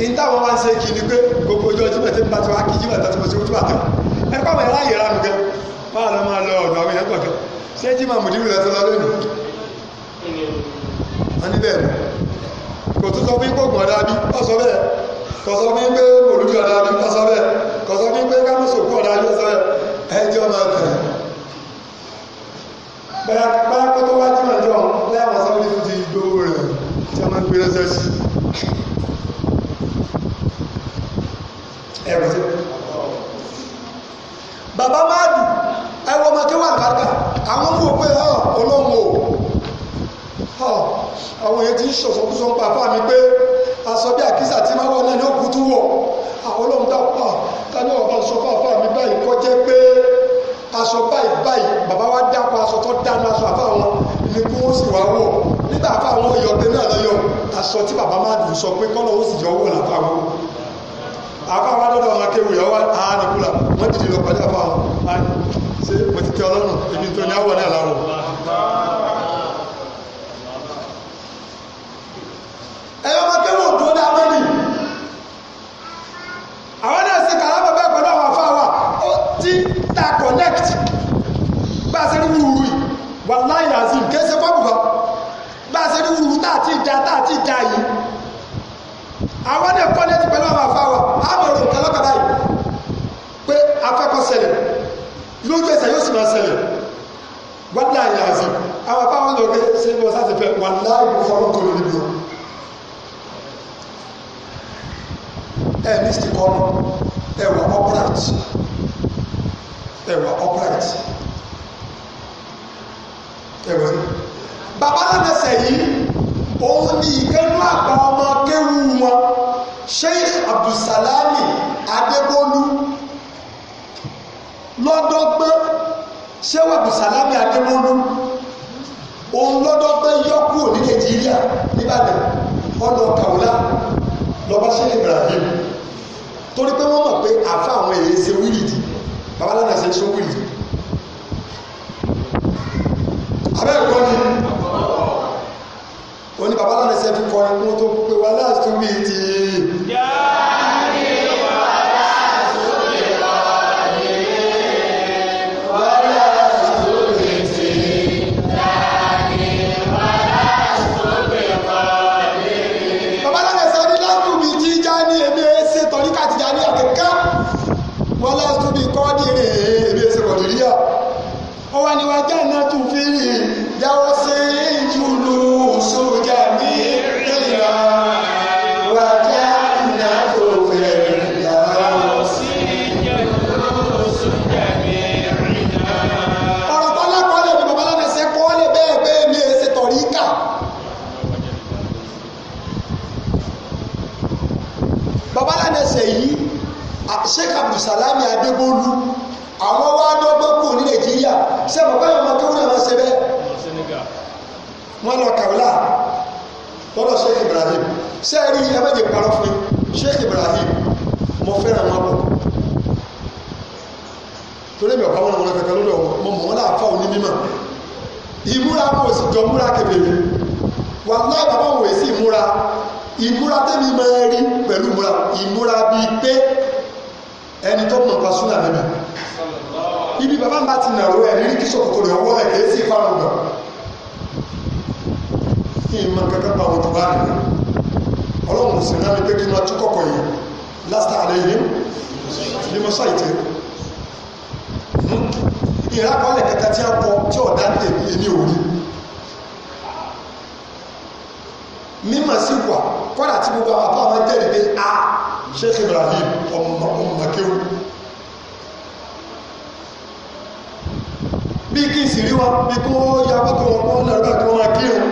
ìyí táwọn wá ń ṣe kí ni pé gbogbo ojú ọjọ́ mẹ́tẹ́ bá ti wá kí jíwà tó ti mọ̀ sí ojúbà tán ẹ pàmò ẹ láàyè ránu gẹ báwọn lọ máa lọ ọ̀dọ̀ àwọn èèyàn kọ̀ọ̀kan ṣé jí màmúdí rẹ̀ tó sọ fún ipò ògùn ọ̀dà bí ọ̀sọ́ bẹ́ẹ̀ kò sọ fún pé mòlúbi ọ̀dà bí ọ̀sọ́ bẹ́ẹ̀ kò sọ fún pé kámúsòkú ọ̀dà bí ọ̀sọ́ bẹ́ẹ̀ ẹjọ́ máa tẹ̀. bẹ́ẹ̀ bá kótó wá tí màá jọ lẹ́yìn àwọn sábẹ́lì tó ti gbowó rẹ̀ tí a máa ń gbé lẹ́sẹ̀ sí. ẹ̀rọ sí. bàbá máa dùn ẹwọ́ ọmọ kí wà kárìkà àwọn ọmọ òpin ọ̀ olóhùn ò àwọn èèyàn ti ń ṣọ̀ṣọ́ kú sọ́n pa àfa mi pé aṣọ bí àkísà tí máa wọ̀ náà ni ó kú tún wọ̀ àwọn ọlọ́run dápà ta ni ọ̀bá sọ fún àfa mi báyìí kọ́ jẹ́ pé aṣọ báyìí báyìí bàbá wa dápọ̀ aṣọ tó dáná aṣọ àfa wọn ni kí wọ́n sì wá wọ̀ nígbà àfa wọn ìyọ̀dẹ náà lọ́yọ̀ aṣọ tí bàbá máa dùn sọ pé kọ́lọ́ ó sì yọ wọ̀ làfa wọn àfa wa dọ́dọ̀ wọn kéwì yọ wá àánìkúlà ah, wọ́n dìde lọ pàdé àfa wọn ah, ṣé mo ti tẹ ọlọ́run èmi tó ní àwọ̀ náà lárọ̀. ẹ̀yọ́ máa kéwò dúró dáadáa nì àwọn náà ṣe kàlábà bẹ́ẹ̀ pẹ̀lú àwọn afá wa ó ti ta connect bá a ṣe rí wúruwú yìí wàláhì àzìm kì í ṣe bá a ṣe rí wúruwú tá àti ìjà tá àti ìjà yìí àwọn náà connect pẹ̀lú àwọn afá wa á bẹ̀rù nǹkan lọ́kàdá yìí pé afẹ́kọ̀ ṣẹlẹ̀ lójú ẹsẹ̀ yóò sì máa ṣẹlẹ̀ wàláhì àzìm àwọn afá wọn lọ gbé ṣe ń lọ sáti fẹ́ ẹ ní stikọ́nù ẹ wà upright ẹ eh, wà upright ẹ wà ní. bàbá náà dẹsẹ̀ yìí òun ni ìkẹ́nu àgbà ọmọ kéwu wọn Sheikh Abdulsalami Adébólú lọ́dọ́gbọ́n Sheikh Abdulsalami Adébólú òun lọ́dọ́gbọ́n yọkù ní Nàìjíríà nígbàdàn ọ̀nà kàwùlà lọ́ba Sheikh Ibrahim torí pé wọ́n mọ̀ pé àfa àwọn èyí ṣe wíìlìdì babaláwo ṣe ṣe wíìlìdì abẹ́ ẹ̀kọ́ ni oní babaláwo ṣe fi kọrin kún tó pé wàhálà ṣe wíìlìdì. yáà. sọ̀kòtò rẹ̀ wọ́lẹ̀ kìí sí ìfarahàn kí n máa kankan pa àwọn tó bá rẹ̀ ọlọ́run sì náà ní pé kí n máa tún kọ̀kọ̀ yìí lásìkò àlẹ́ yìí ní mọ́ṣá ìtẹ́ ìrákọ́lẹ̀ kẹta tí a kọ tí ọ̀dá èmi ò rí mímọ̀ sí wà kọ́dà tí gbogbo àwọn àpá àwọn jẹ́rìí pé a ah, Sheikh Ibrahim ọmọ ọmọ kéwù bí kí n sì rí wọn bí kó ya fọ́tò wọn kó nà rẹ̀ kí wọ́n máa kírun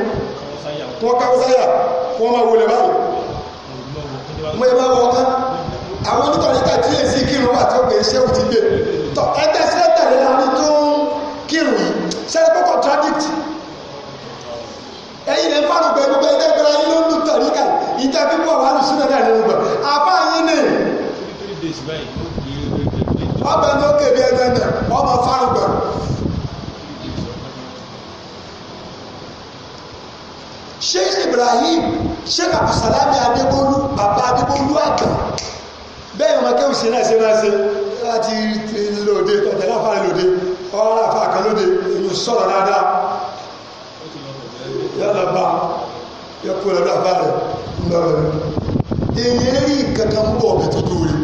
kí wọ́n káwọ́ sáyà kí wọ́n máa wọlé báyìí mo yẹ máa wọ ọ́ká àwọn onítọ̀nítà tí lè sí kírun wà tó pé ṣé o ti gbé tọ ẹgbẹ́ sílẹ̀tẹ̀ lé láti tó ń kírun yìí ṣẹlẹ̀ pé contradict ẹ̀yin lè fárùn pé gbogbo ẹgbẹ́ ìgbéra yín ń lù tọ̀níkà ìjà pípọ̀ wà sheikh ibrahim sheikh abdulsalami adébólú bàbá adébólú àgbà bẹ́ẹ̀ ọmọ kẹ́hùn ṣe náà ṣe máa ṣe láti lòde ọ̀tẹ̀ láfa lòde ọ̀rọ̀ àfa kan lòde èyí sọ̀rọ̀ dáadáa yálà bá yẹ kó lọ́dọ̀ àfa rẹ̀ ńlọ rẹ̀ èyí rí kankan ń bọ̀ ọ̀bẹ tó tó rí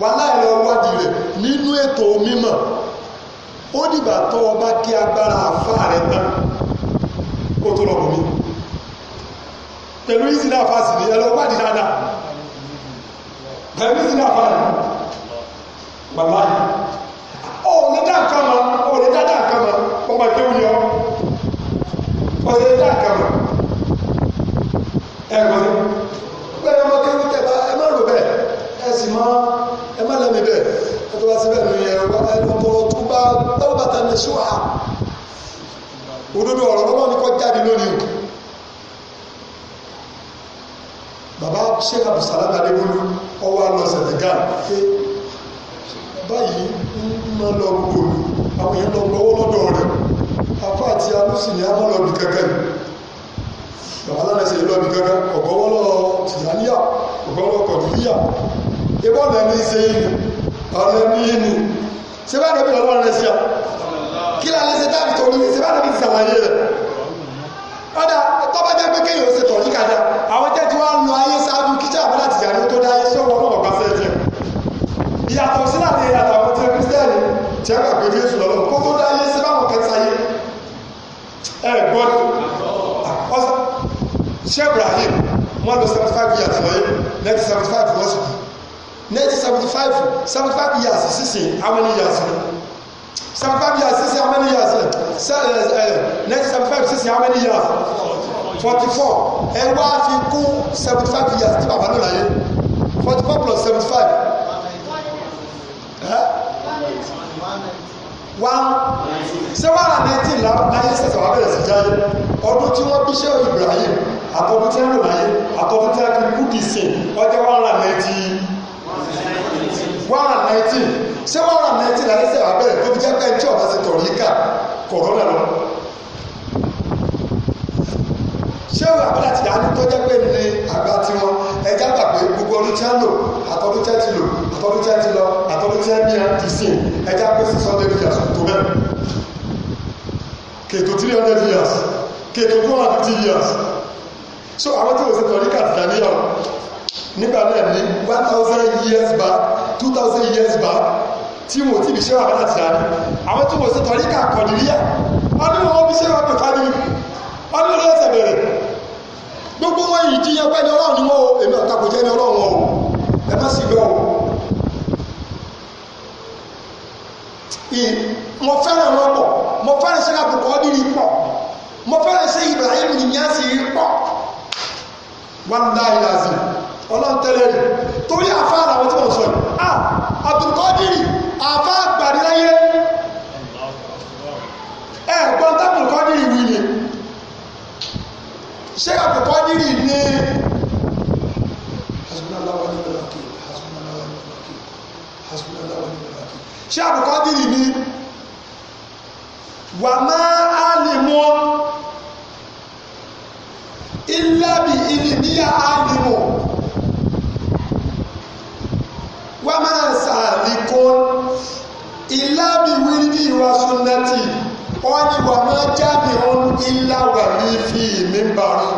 wàhálà ẹ̀rọ wádìí rẹ̀ nínú ètò mímọ̀ ó dìgbà tó o bá kí agbára àfa rẹ̀ tán kó tó lọ bòmí pẹ̀lú ìsìn náà fásitì ní ẹlọ pàdé dáadáa pẹ̀lú ìsìn náà fásitì bàbá ò lè dá nǹkan mọ ò lè dá dá nǹkan mọ ọmọ ìkéwù yọ ọ sì lè dá nǹkan mọ ẹ gbọ́dọ̀ pẹ̀lú ọmọ kéwù tẹ ẹ má rò bẹ́ẹ̀ ẹ sì má ẹ má lẹ́mìí bẹ́ẹ̀ ẹ tó bá síbẹ̀ nìyẹn ẹ lọ́kọ̀ọ́ tó bá tọ́lọ́bàtà ní ṣùgbọ́n òdodo ọ̀rọ̀ lọ́wọ́ ni kọ́ jáde lónìí o bàbá sheikh abdulsalam adébólú ọwọ́ lọ Senegal pé báyìí ń má lọ gbòòlù àwọn èèyàn lọ lọ́wọ́ lọ́dọ̀ rẹ̀ afá àti alúsì ni a mọ́ lọ bí kankan bàbá lánàá ṣe lọ bí kankan ọ̀gọ́wọ́ lọ tìyàníyà ọ̀gọ́wọ́ kọ̀dùníyà ebọ́ọ̀lù ẹni ṣe yìí ni ọ̀rọ̀ yìí ni ṣé bá dẹ̀ ọlọ́run rẹ̀ kí la lè ṣe dábì torí ní ṣẹ́bá náà fi ṣàlàyé rẹ̀ ọ̀dà tọ́ba jẹ́ pé kéèyàn ṣe tọ̀ níkàdá àwọn jẹ́ tí wọ́n lọ ayé ṣáájú kíjà àbúrò àti ìyàwó tó dáyé sọ́wọ́ náà bá fẹ́ jẹ ìyàtọ̀ sí láti ìyàtọ̀ àwọn tí kírísítẹ́nì tí a gbà pé Jésù lọ́lọ́ kó tó dáyé sí báwọn kẹta yé ẹ gbọ́dọ̀ ṣé Ibrahim wọ́n lọ seventy five years lọ́yẹ́ nineteen seventy five lọ́sùn nineteen seventy five seventy five years sísìn how many years ni 75 years sisi how many years se ẹ eh, ẹ eh, next 75 sisi how many years 44 ẹ wá fi kún 75 years tí bàbá lóla yẹ 44 plus 75 ẹ one ṣé wà á nineteen láyé ṣẹ̀ṣẹ̀ wà bẹ̀rẹ̀ sí jáde ọdún tí wọ́n bí sẹ́wọ̀n Ibrahim àtọ́dún tí wọ́n lò láyé àtọ́dún tí wọ́n fi kú dìísìn ọjọ́ one hundred nineteen one hundred nineteen ṣé wọ́n rà nineteen náà lẹ́sẹ̀ abẹ́rẹ́ tó fi jẹ́ pé tí ọ̀bá ṣe tọ̀rí kà kòrónà lọ. ṣé wọ́n àbúrò àti ìyá tó jẹ́ pé ní àgbà tiwọn ẹja gbà pé gbogbo ọdún tí wọ́n lò àtọ́dún tí wọ́n ti lò àtọ́dún tí wọ́n ti lọ àtọ́dún tí wọ́n bí wọn ti sìn ẹja pé six hundred years tó bẹ́ẹ̀ kètò three hundred years kètò two hundred fifty years so àwọn tí wọ́n ṣe tọ̀rí kà tìjà níyàwó nígbà náà ní one thousand years back two thousand years back tí wọn ò tí ì fi ṣe wà láti sáré àwọn tí wọn ò sì tọ́lí ká kọ̀dìríyà wọn ní wọn fi ṣe wà pẹ̀ká ní wọn ní lọ́sẹ̀ bẹ̀rẹ̀ gbogbo wọn yìí jíyan pẹ́ ní ọlọ́run ni wọn o èmi àtakò jẹ́ ní ọlọ́run wọn o ẹ má sì bẹ́ o. mo fẹ́ràn wọn pọ̀ mo fẹ́ràn ṣe àbùkù ọ́dìrì pọ̀ mo fẹ́ràn ṣe Ibrahim nìyànsì pọ̀ wọn dá ìlàsì ọlọ́run tẹ́lẹ̀ rí torí àfáàrà àwọn tí wọ́n sọ yìí ah Abdulkadir àfa àgbàdíláyé ẹ̀gbọ́n tábìlì kọ́ ní ìwì ni ṣé àbùkọ́ nírì ní ṣé àbùkọ́ nírì ní wà máa á lè mú ọ ilé bí ilé bí á lè mú ọ wọ́n máa sàbí kún ilá bí wíri bí ìwà súnnẹ́tì wọ́n ní wọ́n máa jáde ohun ilá wà ní fi mí bọ̀rọ̀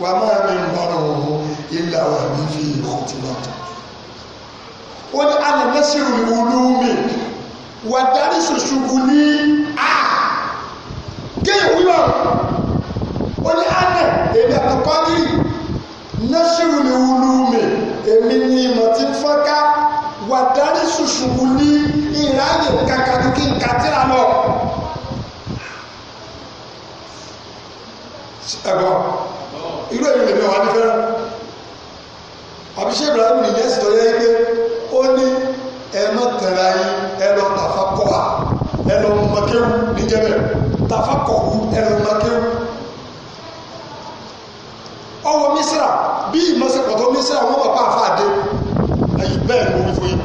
wọ́n máa mi bọ̀rọ̀ ohun ilá wà ní fi ìkọ̀tìmọ̀tò ó ní alẹ́nẹ́sìrì olómi wà dárí ṣùṣùkú ní a géèyàn wúlọ̀ ó ní alẹ́ èdè àtọ́kọ́ nírì nẹ́sìrì olómi èmi ní ìmọ̀ tí fọ́ ṣùṣùrù ní ìráyè kankan kí n kà tíra lọ. ẹ̀gbọ́n irú èyí lèmi ọ̀wá ní fẹ́ràn àbíṣe Ibrahim nìyẹn sì tọ́jú ẹgbẹ́ ó ní ẹ má tẹ̀ra yín ẹ lọ tàfà kọ́ wa ẹ lọ mọ̀kéwù níjẹ́bẹ̀ tàfà kọ̀ wù ẹ lọ mọ̀kéwù ọwọ́ Mísírà bí ìmọ̀sẹ̀kọ̀tọ̀ Mísírà wọ́n wà pàfà dé ẹ̀yìn bẹ́ẹ̀ ló ń fún yín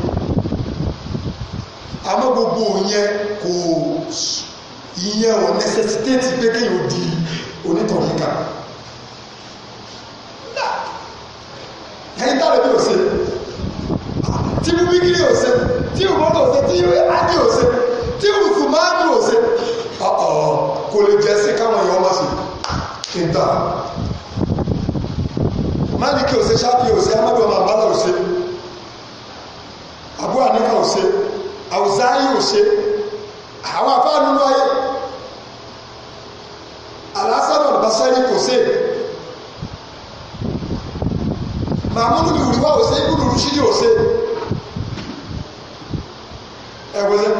àmọ́ gbogbo yẹn kò ìyẹn ò necessitate pé kéèyàn di onítọ̀ríkà ẹ̀yìn táwọn ẹbí ò ṣe tí bíbíkìlì ò ṣe tí ìwọ́dọ̀ ò ṣe tí adé ò ṣe tí ìwùsùmáàdù ò ṣe kò lè jẹ́ sí káwọn èèyàn máa ṣe kí n ta máàlì kí ò ṣe ṣáàpì ò ṣe amadu ọmọ àbálà ò ṣe àbúrò àníkà ò ṣe àwùzáyì ò ṣe àwọn afáàlú lọ́yẹ̀ alásàdù àlùbáṣárì kò ṣe màmúdù bí wùdíwá ò ṣe ibùdó rúṣídì ò ṣe ẹ̀wọ̀lẹ́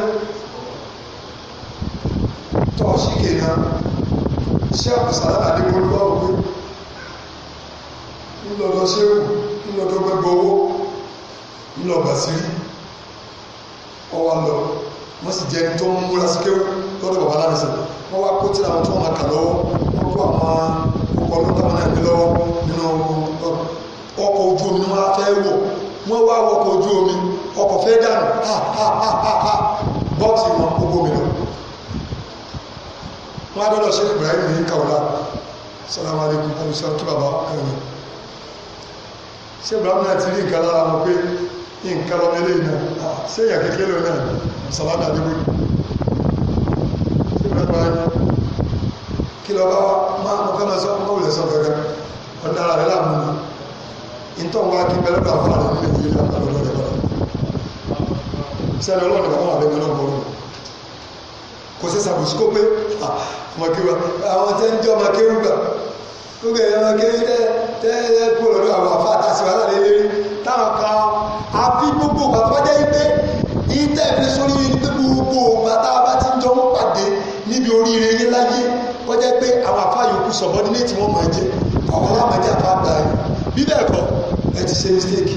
tọ́ọ̀ṣì kìnnà ṣé àbùsàlá àdékòlù bá wù ú ńlọdọ ṣéwù ńlọdọ gbẹgbọ ọwọ́ lọ wọ́n sì jẹ́ tó ń múra sí kéwù lọ́dọ̀ bàbá lára sí wọ́n wá kó tíra àwọn tó wọn kà lọ́wọ́ wọ́n kó àwọn ọkọ̀ ọdún táwọn náà gbé lọ́wọ́ nínú ọkọ̀ ojú omi wọn fẹ́ wọ̀ wọ́n wá ọkọ̀ ojú omi ọkọ̀ fẹ́ dànù ha ha ha ha ha bọ́ọ̀sì wọn kó bómi lọ. wọ́n á dọ́dọ̀ ṣe Ibrahim ní kàwọ́lá salamu alaykum alaykum sọ́ọ́ kí bàbá ẹ̀rọ ṣé Ibrahim náà ti rí ìgbà lára wọn pé nǹkan lọ́mọ eléyìí náà ṣé èèyàn kékeré lónìí náà sàlámì àdébòyí ṣé ìgbà tó wáyé kí lọ́ba máa mọ kánà sọ ọmọ òwúlẹ̀ sọ gẹ́gẹ́ ọ̀dára rẹ̀ láàmú ni ìtọ́ wa kí bẹ́ẹ̀ lọ́dọ̀ àfọlá rẹ̀ nílẹ̀ yìí lápá lọ́dọ̀ rẹ̀ bọ́lá sẹ́ni ọlọ́run bàbá wà lẹ́nu náà bọ́lú kò sí sàbùsùkó pé ọmọ kéwà àwọn tẹ́ ń jẹ́ ọmọ kéwù gbà gbogbo ẹ̀yọ́ kéré tẹ́ tẹ́ ẹ kú lọ́dọ̀ àwọn àfa àtàsíwá náà lélẹ́rí táwọn kan àfi gbogbo bàbá jẹ́ ipé ìtẹ́ ìfẹ́ sórí pé gbogbo bàtà bá ti ń jọ ń pàdé níbi oríire yín láyé wọ́n jẹ́ pé àwọn àfa yòókù subordinate wọ́n máa jẹ́ àwọn aláàmọ̀ jẹ́ àfa àgbà yìí bí bẹ́ẹ̀ kọ́ ẹ ti ṣe mistake.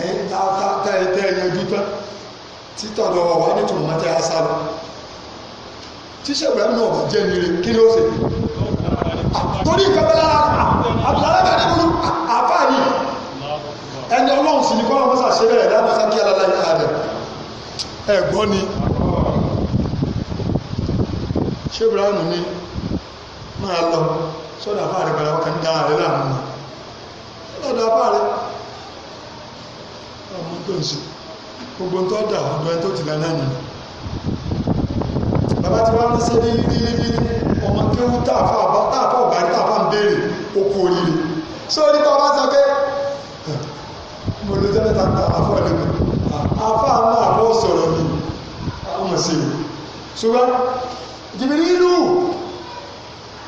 ẹ̀yin tá a tá a tẹ́ ẹ tẹ́ ẹ yanjú tán títọ̀ lọ́wọ́ wa nítorí mọ́tẹ́ á sá lọ tíṣẹ́ ìbúramu náà bá jẹ́ nílé kí ló ṣe torí ìkọ́bẹ́ lára àbúlára ní gbogbo àfáàní ẹni ọlọ́run sì ní kọ́ ọmọ sàṣẹ bẹ̀rẹ̀ dáadáa sákí aláláyé ààrẹ ẹ̀gbọ́n ni ṣé ìbúramu ni máa lọ sọ́dọ̀ àfáàrí padà wọ́n dá ààrẹ láàmú lọ́dọ̀ àfáàrí ọmọ tó ń ṣe gbogbo tó dà ọ̀dọ̀ ẹ tó ti dá náà bàbá tí wọ́n ń ṣe ní dídí ọmọ kéwú táàfà àbá táàfà ọ̀gárí táàfà ń béèrè okú oríire sọ ní bàbá sọ pé mo lè jẹ́ mẹ́ta ta àfọ́ ẹ̀lẹ́gbẹ̀ àfọ́ àwọn àfọ́ sọ̀rọ̀ ni àwọn ọmọ sí i ṣùgbọ́n jìbìrì ìlú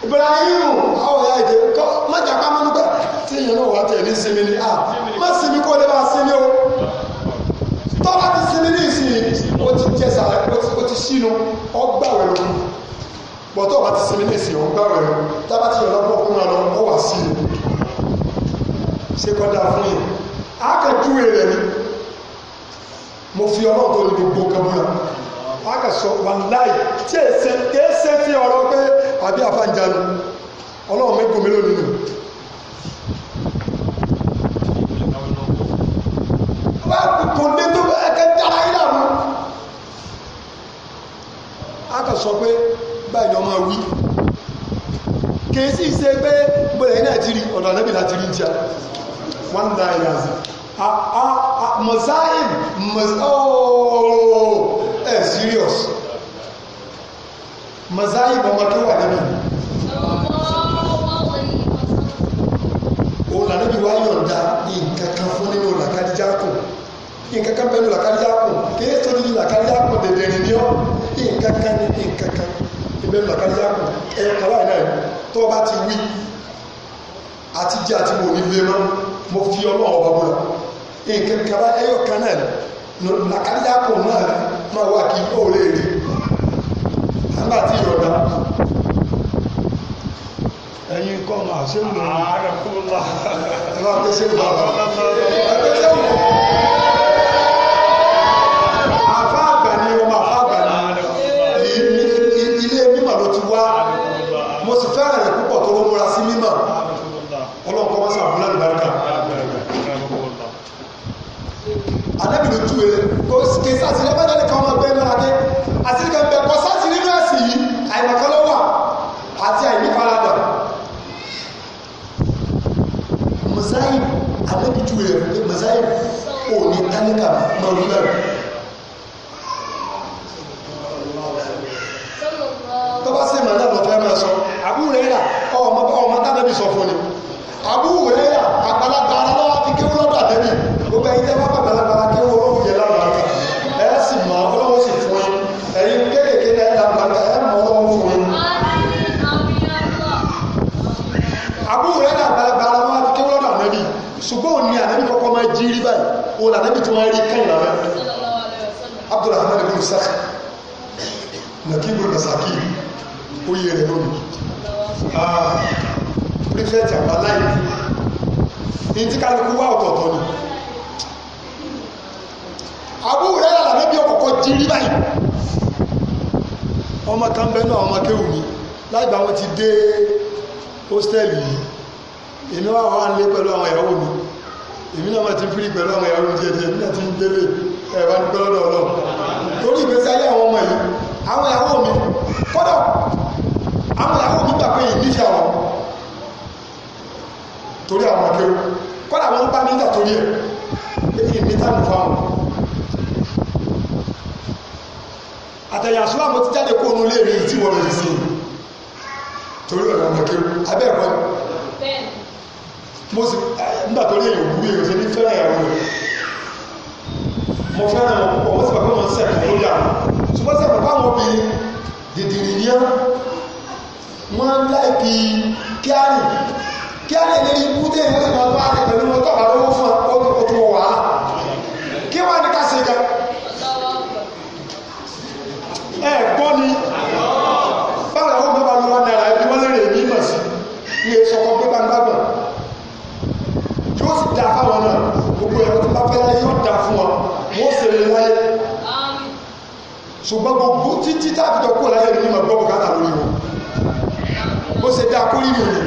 ibrahim àwọn ìyá ìdè kọ májà ká mọ́nú pé tí èèyàn náà wà á tẹ̀ ní sinmi ni má sinmi kó lè bá sinmi o tọ́ bá ti sinmi ní ìsìn ó ti jẹ sàrà ó ti ó ti sínú ọgbà rẹ̀ lórí bọ̀tọ̀ bá ti sinmi lèsì ọgbà rẹ̀ tábà ti yọ̀rọ̀ pọ̀ fún ọ̀nà ó wà sínú ṣé kọ́dà fún yìí akẹ́kọ̀ọ́ rẹ̀ ni mo fi ọ̀rọ̀ tó lè gbogbo kan múra aka sọ wàláì tí èsè kéésè tí ọ̀rọ̀ pé àbí àfàjánu ọlọ́run mẹ́gbọ̀n mi lónìí nù. wọ́n á kò tó dé tó ẹ̀kẹ́ dára yíyá mu a kàn sọ pé báyìí ni ọmọ wí kì í sì ṣe pé gbọ́dọ̀ yìí náà ti rí ọ̀dọ̀ ànábì láti rí jà one nine years mọ̀sáìm mọ̀sáìm ẹ̀ serious mọ̀sáìm ọmọ kí wà nínú. òun lànàbí wá yọ̀ǹda nǹkan kan fún nínú làkàdíjà kù nǹkan nínú làkàdíjà kù dèdè nǹkan kan ní nǹkan kan ìbẹ̀rù làkàlíyà kù ẹ̀yọ̀kan láì náà tó bá ti wí àti jẹ́ àti mò ní lé mọ́ mo fi ọlọ́run ọba mọ́ra nǹkan kan bá ẹ̀yọ̀kan náà làkàlíyà kù náà máa wà kí ó lè rí nígbà tí ìrọ̀dá ẹ̀yin kọ́ máa ṣe ń lọ ààrẹ fún wa ẹ̀rọ àtẹ́sẹ̀ bàbá ẹ̀rọ àtẹ́sẹ̀ bàbá. ti wá mo sì fẹ́ràn rẹ̀ púpọ̀ tó ló múra sí mímọ̀ ọlọ́kọ́ wọ́n sàmúlẹ̀ ìbáríkà anábìlú túwe kò kì í sàtìlẹ́ bẹ́ẹ̀ nìkan ọmọ ẹgbẹ́ náà dé àtìlẹ́ kan bẹ kọ́ sàtìlẹ́ náà sì yí àìmọ̀kan ló wà àti àìnífaradà mọ̀sáì anábìlú túwe rẹ̀ mọ̀sáì ò ní tálíkà mọ̀lúmẹ́rù náà lọ́dọ̀ fẹ́ máa sọ Abu Huraira ọmọ tábẹ́bí sọ fún ni Abu Huraira àgbàlagbà aláwọ̀ fi kéwọ́ lọ́dọ̀ àtẹ́bí gbogbo ẹ̀yin tẹ́ bá gbàgbàlagbà kéwọ́ olówó yẹn lánàá ẹ̀ sì mọ̀ ọlọ́wọ́ sì fún yín ẹ̀yin kéékèèké náà ẹ̀ làgbàlagbà ẹ̀ mọ̀ ọlọ́wọ́ fún yín. Abu Huraira àgbàlagbà aláwọ̀ fi kéwọ́ lọ́dọ̀ àtẹ́bí oyè rẹ̀ lónìí ah, prefect àbáláì ní tí kálukú wá ọ̀tọ̀ọ̀tọ̀ ni àbúrò rẹ̀ bí ọkọ̀ọ̀kọ̀ jírí báyìí ọmọ kan bẹ́ẹ̀ náà ọmọ kéwù mi wọn ti dé hóstẹ́ẹ̀lì yìí èmi wà wà lé pẹ̀lú àwọn ìyàwó mi èmi náà máa ti fírí pẹ̀lú àwọn ìyàwó mi díẹ̀díẹ̀ èmi náà ti ń délé ẹ̀wà ní ọlọ́run torí ìgbésí ayé àwọn ọmọ yìí àwọn àwọn làwọn nígbà pé yìí nífẹ̀ẹ́ àwọn torí àwọn akéwò kọ́dà wọn ń bá nígbà torí ẹ̀ pé kí ní táìmù fáwọn àtẹ̀yà sùlámù ti jáde kó onú léèrè tí wọ́n lè sí torí ọ̀nà àwọn akéwò abẹ́ ẹ̀kọ́ mo sì nígbà torí èyàn òkú èyàn ṣe ní fẹ́ràn ẹ̀rọ mo fẹ́ràn ọ̀pọ̀ wọ́n sì bá pé wọ́n ń sẹ̀kọ̀ lórí àwọn ṣùgbọ́n sẹ̀kọ̀ báwọn obìnrin dìdìrì ní wọ́n láìpì kíárì kíárì ní ibú dé ìlú ìmọ̀ bá rẹ̀ pẹ̀lú wọn tọ́ba lówó fún ọdún wàhálà kí wọ́n ní ká ṣe gan ẹ gbọ́ ni báwo ló bá lu wọn náírà ẹbí wọn lérè èmi mọ̀ sí ní èso ọkọ̀ gbé gbangba gbọ̀n yóò sì dá fáwọn náà gbogbo ẹ̀rọ tó bá fẹ́ láyé yóò dá fún wọn wọ́n sì rìn láyé ṣùgbọ́n gbogbo títí táàbìjọ kó láyé ní ìmọ̀ gbọ́ bùkátà lórí wọn bó ṣe dá kórì mi rè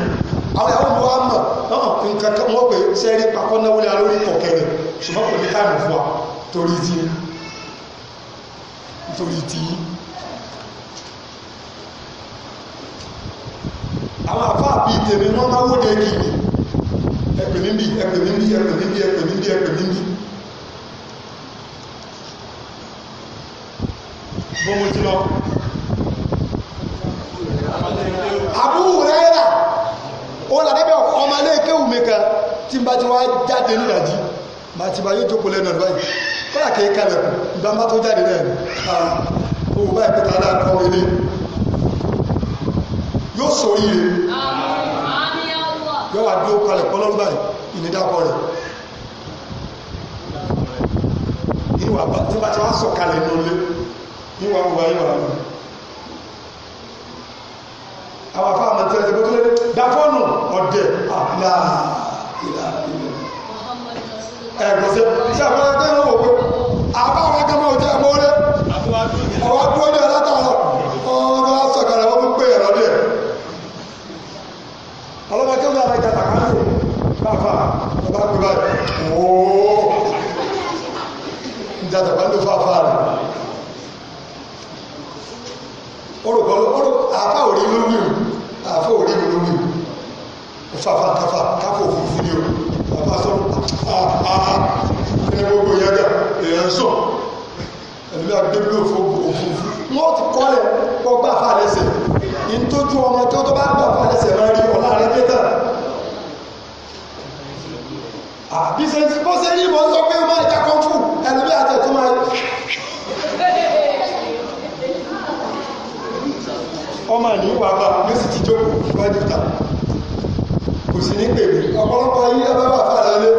àwọn ìyàwó mi wá mọ̀ ọ̀hún nǹkan kan wọ́n pè sẹ́rí papọ̀ náwó lé alórí ọ̀kẹ́rẹ́ ṣùgbọ́n kò ní táìmù fún wa torí ti torí ti àwọn àfáà bíi tèmi wọ́n máa wó de kìíní ẹ̀pẹ̀ níbi ẹ̀pẹ̀ níbi ẹ̀pẹ̀ níbi ẹ̀pẹ̀ níbi ẹ̀pẹ̀ níbi. bó mo Abu Huraira ó là dábẹ́ ọmọ ilé kéwù mi kan tí n bá ti wá jáde nídàjí màá ti bá yóò jókòó lẹ́nu ọ̀dọ́ yìí kọ́lá kìí kalẹ̀ kù ìgbà má tó jáde náà ni òun báyìí pété adáa kọ́ wọlé yóò sọ yìí yóò wá dúró kalẹ̀ kọ́ lọ́rùn báyìí ìnídàkọ rẹ̀ ìwà tí bá ti wá sọ̀kalẹ̀ ní olé ìwà wà ìwà rẹ̀ àwọn afá àmọ́ tí wọ́n ti gbé kílódé dáfọ́nù ọ̀dẹ̀ àlá ìlà ìlú. ẹ̀gbọ́n sẹ́ ṣé àpẹẹrẹ tẹ́ ń wò pé àbá wa kan máa jẹ́ ẹ̀mọ́ rẹ̀ ọwọ́ dúró ní alátàárọ̀ ọ̀rọ̀ wa sọ̀kalẹ̀ wọ́n pé ẹ̀rọ díẹ̀. ọlọ́mọ kí wọ́n yàrá ìjà tàkàtì bàbá ọba pè báyìí ooo ìjà tàkàtì fàfà rẹ̀ orúkọ orúkọ àbá òrí lórí àfọ òrí mi lómi òfàfà káfà káfà òfurufú ni o bàbá sọ àhà ẹni gbogbo yẹn dà èèyàn sọ ẹni bí agbébí òfurufú wọn ti kọ́lẹ̀ kọ́ gbà fà lẹ́sẹ̀ ní tójú ọmọ tó tó bá gbà fà lẹ́sẹ̀ máa rí ọ̀la rẹ̀ dé tán àbí sẹ́ńtì bọ́sẹ̀ yìí mọ̀ sọ pé ó máa jákọ́ ọmọ ní wà bá yóò sì ti jókòó iwájú ta kò sí ní pèmí ọ̀pọ̀lọpọ̀ ayé abábà fà lálé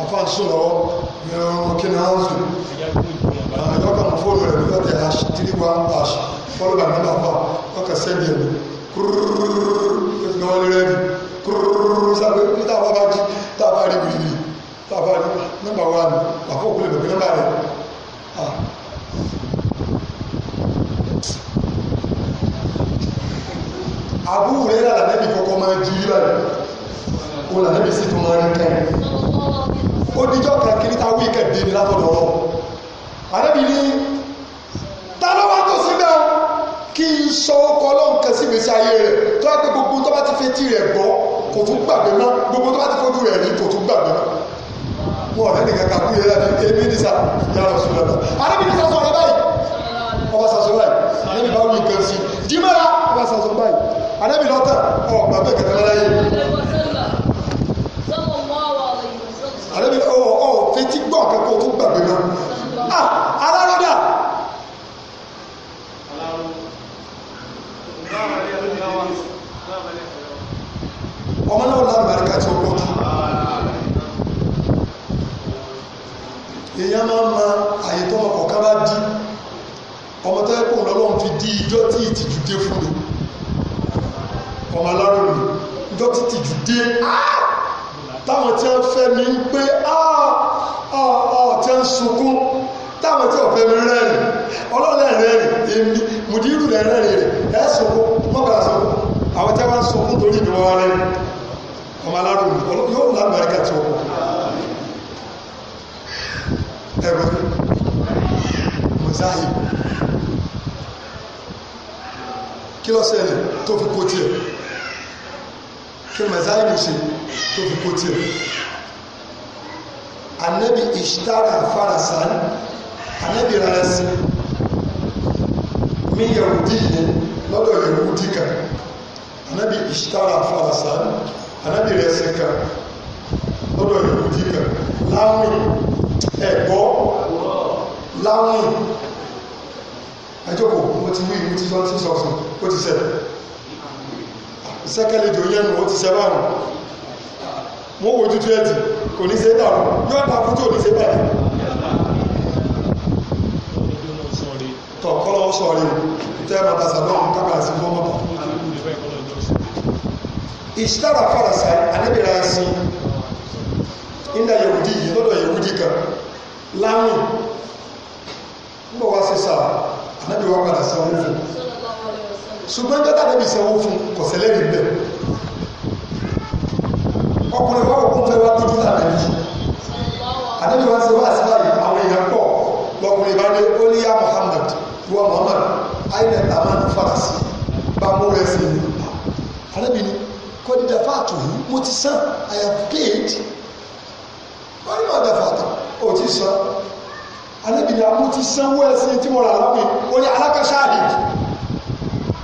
àfáà sùn lọ́wọ́ ìrọ̀rùn kí ni wọ́n sùn àwọn ìjọba mú fóònù rẹ̀ lọ́tẹ̀ tẹ̀ hash three one hash followed by number four ọkà sẹ́ndì ẹ̀mí kúrúrúrú ní wọ́n lérẹ́ bí kúrúrúrú sábẹ́ ní táwa bá jí táwa rí wìrì táwa rí number one àbúrò rẹ̀ rà lànàbì kọ́kọ́ máa ju yíra rẹ̀ ó lànàbì sì tún máa rí kẹ́ẹ̀ ó díjọ́ kan kiri ta wíkẹ̀ dé ní látọ̀dọ̀ ọ̀rọ̀ àdébì ní ta ló wá tó sí náà kí n sọ ọkọ̀ ọlọ́run kan sí ìgbésí ayé rẹ̀ tó wá pé gbogbo tó bá ti fetí rẹ̀ gbọ́ kò tún gbàgbé mọ́ gbogbo tó bá ti fojú rẹ̀ rí kò tún gbàgbé mọ́ wọn ọ̀rẹ́ nìkan kan kú yẹlẹ́ ní ebi ní sa yàrá sùn lọ́dọ̀ àdébì ní sasọ̀ rẹ̀ báyìí ọba sasọ̀ báyìí àdébì bá wù nǹkan sí jimara ọba sasọ̀ báyìí ànábì lọ́tàn ọ̀gbà bẹ́ẹ̀ kẹtẹ lọ́la yìí. ànábì ọ̀ ọ̀ fetí gbọ́ kankan tó gbàgbé mọ́ ah alárọ́dà. ọmọ náà lọ́nà àríkà tí ó pọ̀ jù. èèyàn máa ń ma àyè tó ọkọ̀ ká bá dí ọmọ tó yẹ kó lọ́lọ́run fi dí ijó tí ìtìjú dé fún mi ọmọ aláròyìn ìjọ títí jù dé táwọn tí wọ́n fẹ́ mi ń pé ah! Ah! Ah! tí wọ́n sunkún táwọn tí wọ́n fẹ́ mi rẹ́rìn ọlọ́ọ̀lẹ́ rẹ́rìn èmi mùdírù rẹ̀ rẹ́rìn rẹ̀ ẹ̀ sunkún mọ́kànlá sunkún àwọn tí wọ́n sunkún torí ìdíwọ́ rẹ́rìn ọmọ aláròyìn yóò lágbàríkà tí wọ́n kọ́ ẹ̀rọ mọ̀sáhì kí lọ́sẹ̀ rẹ̀ tó fi kó tiẹ̀ kí mazari ṣe tó fi kó tiẹ̀ anabi ishtara farasan anabi rárá sí mi yahudi yẹn lọ́dọ̀ yahudi kan anabi ishtara farasan anabi rẹ̀ sí kan lọ́dọ̀ yahudi kan láwìn ẹ̀gbọ́ láwìn ẹjọ́ kò mo ti wí mo ti sọ ti sọ sùn ó ti ṣẹlẹ̀ sẹ́kẹ̀lẹ̀ jò yẹn nù ó ti ṣẹlá nù mo wo ojú tuẹ́tì kò ní ṣe dàrú yóò ta fún tí ò ní ṣe bàjẹ́ tọ̀ kọ́lọ́ sọ̀rí tẹ́ bàtà sàdọ́hùn kábà sí fún mọ́tò ìṣítàrà fàràsà anábìrà sí nígbà yehudi yìí lọ́dọ̀ yehudi kan láwìn ń bọ̀ wá sí sáà anábìrà padà sí ọmọ fún ṣùgbọ́n dọ́tà lẹ́bi ìṣẹ́wó fún kò sẹ́lẹ̀rì bẹ́ẹ̀ ọkùnrin wà òkun fẹ́ wá lójú lànàbí àdébí wọn ṣe wá sí báyìí àwọn èèyàn pọ̀ lọkùnrin bá dé ó ní yá Muhammad wọ Muhammad àyìnbá tàmá ní farasi bá mú rẹ sí i àdébí ni kọ́dídà fáàtù yìí mo ti sàn I have paid wọ́n ní màdà fàtà ó ti sàn àdébí ni a mo ti sanwó ẹ̀sìn tí mo rà lọ́mìn ó ní alákàṣáàdì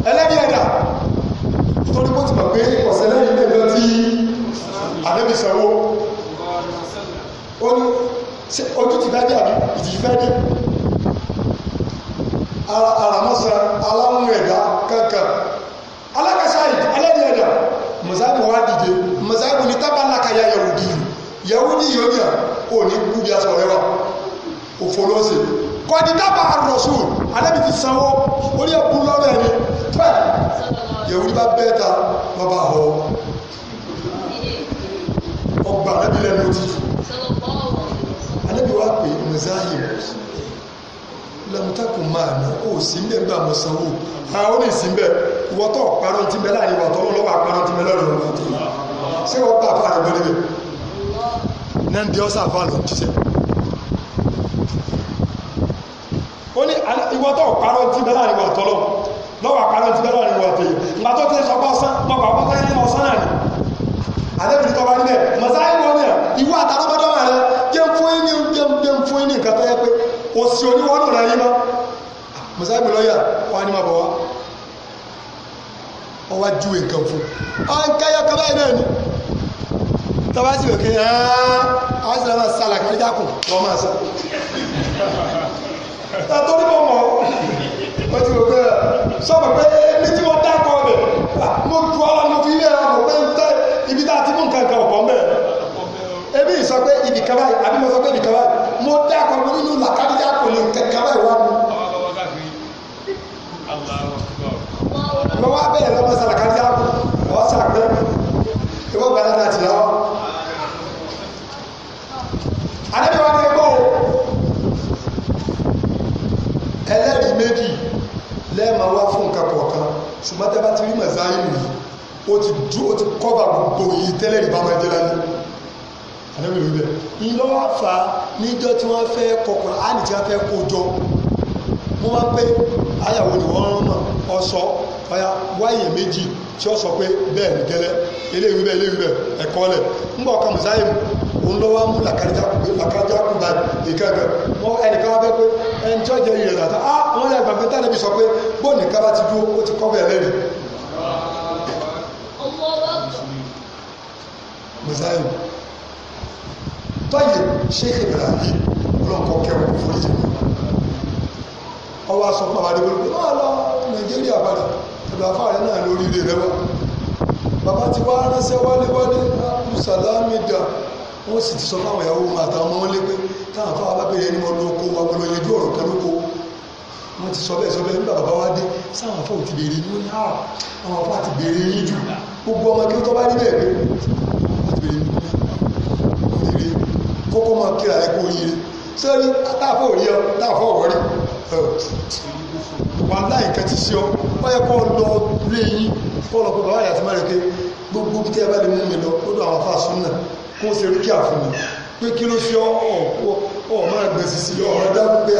ẹlẹ́bi ẹ̀dá torí bó ti mọ̀ pé ọ̀sẹ̀ lẹ́yìn ilé ẹjọ́ tí àdẹ́bí sanwó ojú ti fẹ́ dé àbí ìtì fẹ́ dé aramọ́sán aláwọn ẹ̀dá kankan alákàṣáì ẹlẹ́bi ẹ̀dá mọ̀sáàbù wá dìde mọ̀sáàbù ní tábàlákà ya yahudi yahudi yóò yàn ò ní kú bí aṣọ rẹwà òfò lọ́sẹ̀ kọ̀dídàbà àrọ̀sù alẹ́bi ti sanwó orí ẹ̀kú lọ́rọ̀ ẹni pẹ́ yẹ̀wúrí bá bẹ́ẹ̀ ta bàbá àwọ̀ ọgbà alẹ́bi lẹ́nu ti jù alẹ́bi wá pé mùsáyì lẹ́mùtàkùn máa ná ó sì ń bẹ́ẹ̀ gbà mọ́ sanwó àwọn orí sì ń bẹ́ẹ̀ ìwọ́tọ̀ parọ́ ti bẹ́ẹ̀ láàrin ìwọ́tọ̀ ọlọ́wọ́ àparọ́ ti bẹ́ẹ̀ lọ́rọ̀ ọ̀rọ̀ ṣé wọ́n bá àfáà rẹ̀ gbọ́dẹ̀ bẹ́ẹ̀ náà ń di ọ́sà àfáà ó ní ìwọ tó parọ́ ti bẹ́ láàrin wọn tọ́lọ́ lọ́wọ́ parọ́ ti bẹ́ láàrin wọn tẹ̀yẹ ìgbà tó tẹ́ sọpọ́ sán lọ́pàá kó tẹ́lẹ̀ mọ́ sán náà ni àdébìrì tó bá ń bẹ̀ mọ̀sáyé wọn ni ìwọ àtàlọ́bọ́dọ́ rẹ jẹ́ fún yín ní jẹ́ fún yín ní nǹkan tó yẹ pé òsì oníwọ́nù rẹ yín mọ́ mọ̀sáyé mi lọ́yà wọn ni mà bọ̀ wá wọ́n wá ju nǹkan fún un kẹ́yọ kọ́ báyìí náà ni tọ́ba máa sálà kárí dákùn lọ́ máa sá torí mo mọ̀ wọ́n ti rò pé sọ́mọ̀ pé ní tí mo dákọ̀ ọ̀bẹ̀ mo ju ọ́ mo fi ilé ọ̀rọ̀ pé ń tẹ́ ibi tá a ti mú nǹkan kan ọ̀pọ̀ mẹ́ ebi sọ pé ibì kan báyìí àbí mo sọ pé ibì kan báyìí mo dákọ̀ mo nínú làkàdíyà kò lè nǹkan kan báyìí wá mi. mo wá bẹ̀rẹ̀ lọ́mọ sàlàkàdíyà ọ̀sà pé ìwọ gbàdá láti lọ́wọ́. adébíwá ni ẹgbẹ́ o ẹlẹ́rìí méjì lẹ́ẹ̀ma wá fún nǹkan kọ̀ọ̀kan ṣùgbọ́n tẹ́ bá ti rí mọ̀sáyìn yìí ó ti dú ó ti kọ́ba gbogbo yìí tẹ́lẹ̀ rí máa jẹ́ lálẹ́ àdébìrì rẹ̀ ńlọ wá fa níjọ́ tí wọ́n fẹ́ kọkùn áàdì tí wọ́n fẹ́ kó jọ wọ́n wá pé ayàwó ni wọ́n rán mọ̀ ọ̀sọ́ ọ̀yà wáyé méjì tí ó sọ pé bẹ́ẹ̀ ni gẹ́lẹ́ eléyìí bẹ́ẹ̀ eléyìí bẹ́ẹ̀ ẹ̀kọ́ lẹ̀ ń bọ̀ ọ̀kan mùsáyé mu òun ló wá mú làkàrìjà kù báyìí nìkan ẹ̀kọ́ wọn ẹnìkan wá bẹ́ pé ẹni tí ó jẹ́ ìrẹ̀ dàtà á ah, wọn yà gbàgbé tánà bí sọ pé bó nìkan bá ti dúró ó ti kọ́ bẹ́ẹ̀ lẹ́rìí. mùsáyé mu tọ́yì Sheikh Ibrahim ọlọ́nkọ́ kẹwàá foríjì ọwọ́ aṣọ pàmò àdébọ̀lù pé máa lọ Nàìjíríà padà ọ̀dọ̀ afáàrẹ náà lórí ilé rẹ wà bàbá ti wá ránṣẹ́ wálewálé láàbù ah, sàlámì dà wọ́n sì ti sọ fáwọn ìyàwó wọn àtàwọn ọmọ wọn lé pé táwọn afáwọn alábẹ̀rẹ̀ ẹni wọn lóko wa gbọdọ̀ yanjú ọ̀rọ̀ kan lóko wọ́n ti sọ bẹ́ẹ̀ sọ bẹ́ẹ̀ nígbà bàbá wa dé sáwọn afáwọn ti béèrè yín ní àrà ah, àwọn afáwọn ti béèrè yín jù gbogbo ọmọ kí wọ́n tó bá rí bẹ́ẹ̀ pé kókó máa kíra ẹ kó yire sẹ́ni táàfọ̀ rí ọ táàfọ̀ wọ́rí wàhálà ìkan ti ṣe ọ ó yẹ kó lọ lé yín kó lọ pé bàbá àyàtí má rè pé gbogbo bí tí ẹ bá lè mú mi lọ ó dọ̀ àwọn afáàsùn náà kó o ṣe rí kí àfún mi pé kí ló ṣe ọ ọ ọ máa gbèsè sí ọ̀rọ̀ dábò pé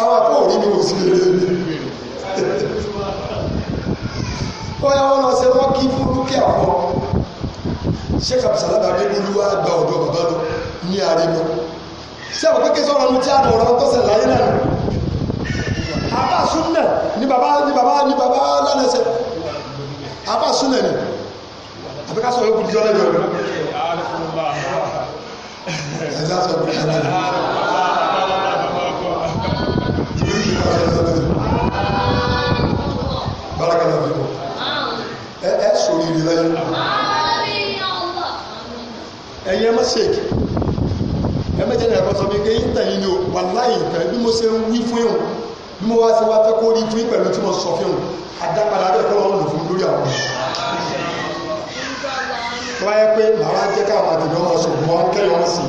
àwọn akọ òrí mi ò sí rere ni *laughs* ó yẹ wọn lọ ṣe wọn kí fún dúkìá pọ ṣé kàbísàlábà adébólú wa gba ọ̀dọ̀ bàbá lọ ní àríwá ṣé àwọn kékeré sọ̀rọ̀ ní tí a dọ̀rọ̀ tó ṣẹlẹ̀ láyé náà àbá súnlẹ̀ ní bàbá ní bàbá ní bàbá lánàṣẹ àbá súnlẹ̀ ni àbíká sọ̀rọ̀ kùdí jọ́ lẹ́jọ́ rẹ̀ ẹ̀dá sọ̀rọ̀ kùdí jọ́ lẹ́jọ́ rẹ̀ ẹ̀ sọ̀rọ̀ ìrìn lẹ́yìn ẹ̀yẹ mọ́sẹ̀kì ẹ̀mẹ́jẹ̀ rẹ̀ kọ́ sọ pé kí n tẹ̀yìn ni wàláyé ìtàn bí mo ṣe ń wí fún yòó bí mo wá sí wá fẹ́ kó rí fún pẹ̀lú tí mo sọ fún un àdápadà rẹ̀ kọ́ lọ́wọ́ lòfún lórí àwọn wọ́n yẹ pé màá jẹ́ káwọn àtẹ̀jọ́ ọmọ sọ̀rọ̀ wọn kẹ́lẹ́ wọn sí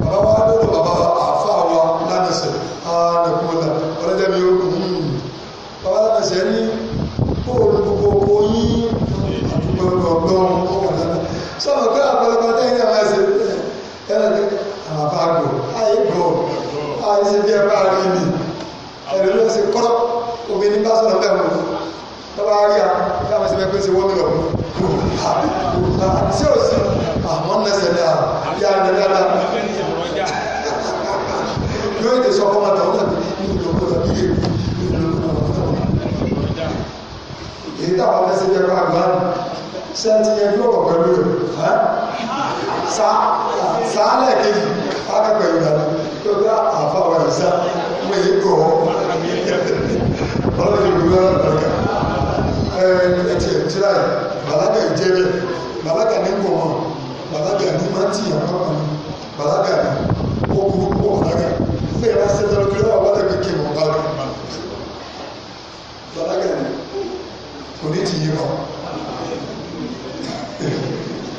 bàbá wa lọ́dọ̀ bàbá àfa wa lánàṣẹ̀ ànàkúnlá ọlọ́jẹ́ mi ó kù hmm. bàbá lánàṣẹ̀ ní kóòlù gbogbo yín àdúgbò ọgbọ́n ọgbọ́n sọ̀rọ̀ pé àpẹẹrẹ pàtẹ́yìn náà máa ṣe ẹ̀rọ àbá àgbọ̀ àyè gbọ́ àìsí bí ẹ bá rí mi ẹ̀rọ ló ṣe kọ́rọ́ obìnrin bá sọ̀rọ̀ bẹ́ẹ̀ mọ́ tó bá a láwọn ṣe fẹ́ pé ṣe wọ́n mi lọ sí òsì àmọ́ nẹ́sẹ̀ ní àrùn yá ni dáadáa yóò tẹ̀ sọ fọ́mọ tàwọn náà ní ìlòkó tàbí yé èyí táwọn fẹ́ ṣe jẹ́ bá àgbà ṣe ti yẹ kí ọ̀rọ̀ pẹ̀lú rẹ̀ sáà lẹ́ẹ̀kejì akẹ́kọ̀ọ́ ìgbàlá tó bá àfa wà ní sá mo yé kọ ọlọ́run yóò gbé ọlọ́run lọ́kà ẹ ẹ tiẹ̀ tíra yìí bàlágà jẹ́ bẹ́ẹ̀ bàlágà ní kò mọ̀ bàlágà ní máa ń tìyàn kọ́kàn bàlágà ní ó kú púpọ̀ bàlágà bẹ́ẹ̀ bá ṣe tọ́lọ́ kí lọ́wọ́ bàlágà kí mọ̀ bá rẹ̀ bàlágà ní kò ní ti yí kọ́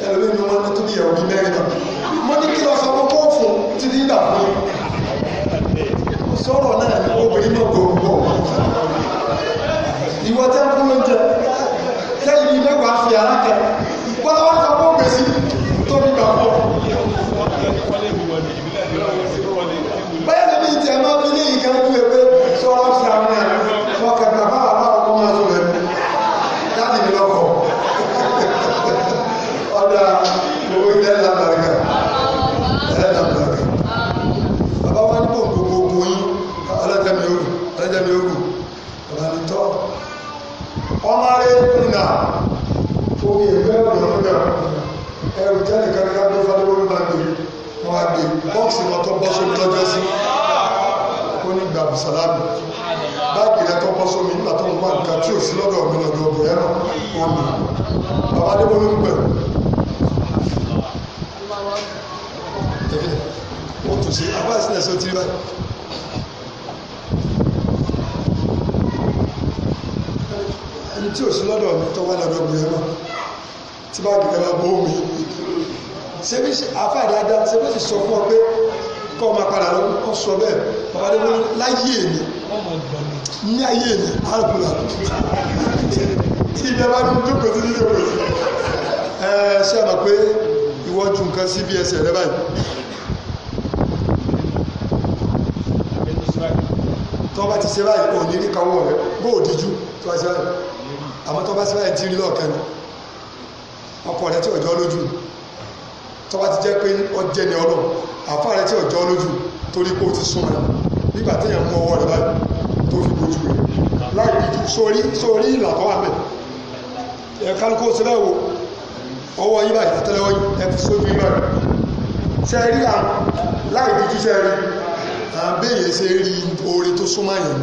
ẹlòmínú wọn tó bí ìyàwó bí mẹ́rin náà mo ní kí lọ sọ kó fún un títí dàbí sọ̀rọ̀ náà ni obìnrin náà gbogbo ìwọ tẹ́ fún oúnjẹ tẹ́lẹ̀ mẹ́wàá fi ara kẹ wọ́n wá kọ́ bọ́ọ̀bù sí tó fi gbà fọ́. báyọ̀ níbi ìtì ẹ̀ máa fi ní ìkànnì ẹgbẹ́ sọ̀rọ̀ sí àwọn ẹ̀rọ. mi ò fẹ́ ọ̀nà ọ̀nà ẹrù tẹ́lẹ̀ kan ká ló fọ́lé wọn bá gbé wọn á gbé bọ́ọ̀sì wọn tó bọ́ sómi tọ́jọ́ sí ó ní gbàgbé sàlámù báàgì rẹ tó bọ́ sómi nígbà tó ń wá nǹkan tí ò sí lọ́dọ̀ mi lọ́dọ̀ ọ̀bọ̀ ẹ̀rọ omi bàbá dé wọn ń gbẹ̀ ó tún ẹni tí ò sí lọ́dọ̀ mi tó lọ́dọ̀ ọ̀bọ̀ tí bá kìkà bá bó mi ṣebí afa dáadáa ṣebí ti sọ fún ọ pé kọ́ ọ máa padà lọ ọ sọ bẹ́ẹ̀ bàbá dé wọ́n láyé èmi ní ayé èmi àrùkùnà ìdí abá dúdú kò sí nílé òkè ẹ ṣe àmà pé ìwọ ju nǹkan sí bí ẹsẹ̀ rẹ báyìí. ti ṣe báyìí kò ní rí kawọ́ rẹ bó o díjú tó bá ṣe báyìí àmọ́ tọ́ bá ṣe báyìí ti rí lọ́ọ̀kan ni ọkọ rẹ tí ọjọ́ lójú tó bá ti jẹ́ pé ọjẹ́ ni ọlọ́ àfa rẹ tí ọjọ́ lójú torí pé o ti sún ẹ nígbà téèyàn mú ọwọ́ rẹ báyìí tó fi bójú rẹ láì bíjú sórí sórí ìlà tó wà mẹ́ ẹ kálukó sílẹ̀ wo ọwọ́ yín báyìí àtẹ́lẹwọ́ yín ẹ fi sójú yín báyìí ṣe rí à láì bíjú ṣe rí à ń béèyàn ṣe rí oore tó súnmọ́ yẹn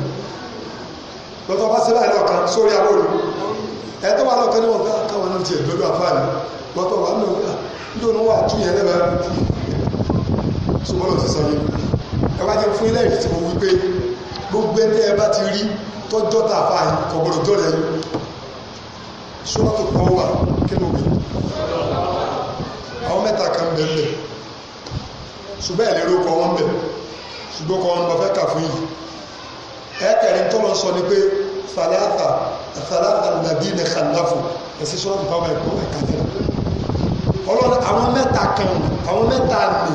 lọ́tọ́ bá sílẹ̀ lọ́kàn sórí abórí ẹ tó wà lọ́kàn ní wọn káwọn ní tiẹ̀ lọ́dọ̀ àfáàní wọ́n tó wà lọ́kàn nítorí wọn wà tún yẹn lẹ́bàá ṣùgbọ́n lọ́sí sọ yìí ẹ wá jẹ́ fún ilé ìrìn tí mo wí pé gbogbo ẹni ẹ bá ti rí tọ́jọ́ tà fà yìí kò gbọdọ̀ tó rẹ̀ yìí ṣùgbọ́n tó kọ́ wà kí ló wí àwọn mẹ́ta kan bẹ̀ bẹ̀ ṣùgbọ́n ẹ̀lẹ́ ló kọ́ wọn bẹ̀ ṣùgbọ́n kọ́ wọn bá fẹ́ kà fún yìí ẹ̀ẹ́kẹ̀rin tọ́lọ sọ ni pé thalatha thalatha alladhina khalafu ẹ̀sìn sọ́rọ́ nípa ọmọ ẹ̀kọ́ ẹ̀ka tẹ̀lé ọlọ́run àwọn mẹ́ta kan àwọn mẹ́ta nì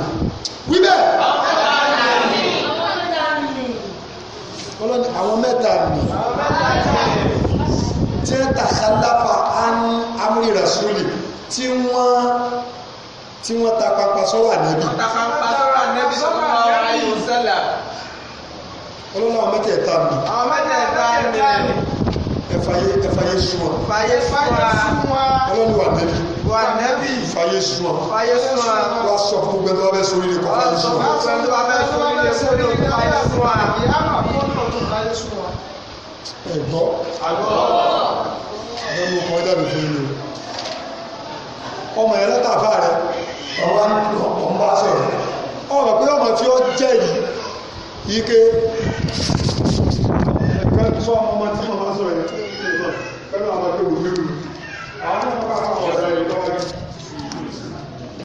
wíbẹ̀ ọlọ́run àwọn mẹ́ta nì tí ń ta khalafa an amri rasuli tí wọ́n tí wọ́n ta Ta papa sọ́wọ́ ànábì ọlọ́lọ́ àwọn mẹ́tẹ̀ẹ̀ta mi. àwọn mẹ́tẹ̀ẹ̀ta mi. ẹ̀fàyé ẹ̀fàyé sùn. fàyè sùn wa. ọlọ́lọ́ wà nẹ́bí. wà nẹ́bí. fàyè sùn. fàyè sùn. wà sọ fún gbẹdọ abẹ sórí ni kò fàyè sùn. wà sọ fún gbẹdọ abẹ sórí ni kò fàyè sùn. ìyá máa fún ọ̀nà tó fàyè sùn wa. ẹ gbọ́. àgbọ̀. ẹ mú kọ́ dàbí fún mi ọmọ yẹn lọ́tà fáà rẹ ọmọ bá sọ̀rọ̀ ọmọ pé ọmọ tí ó jẹ́rìí ike ẹ̀ka tó sọ ọmọ tí mo máa sọ yẹn pẹ̀lú àwọn akéwì mẹ́rin àwọn ọmọ bá wà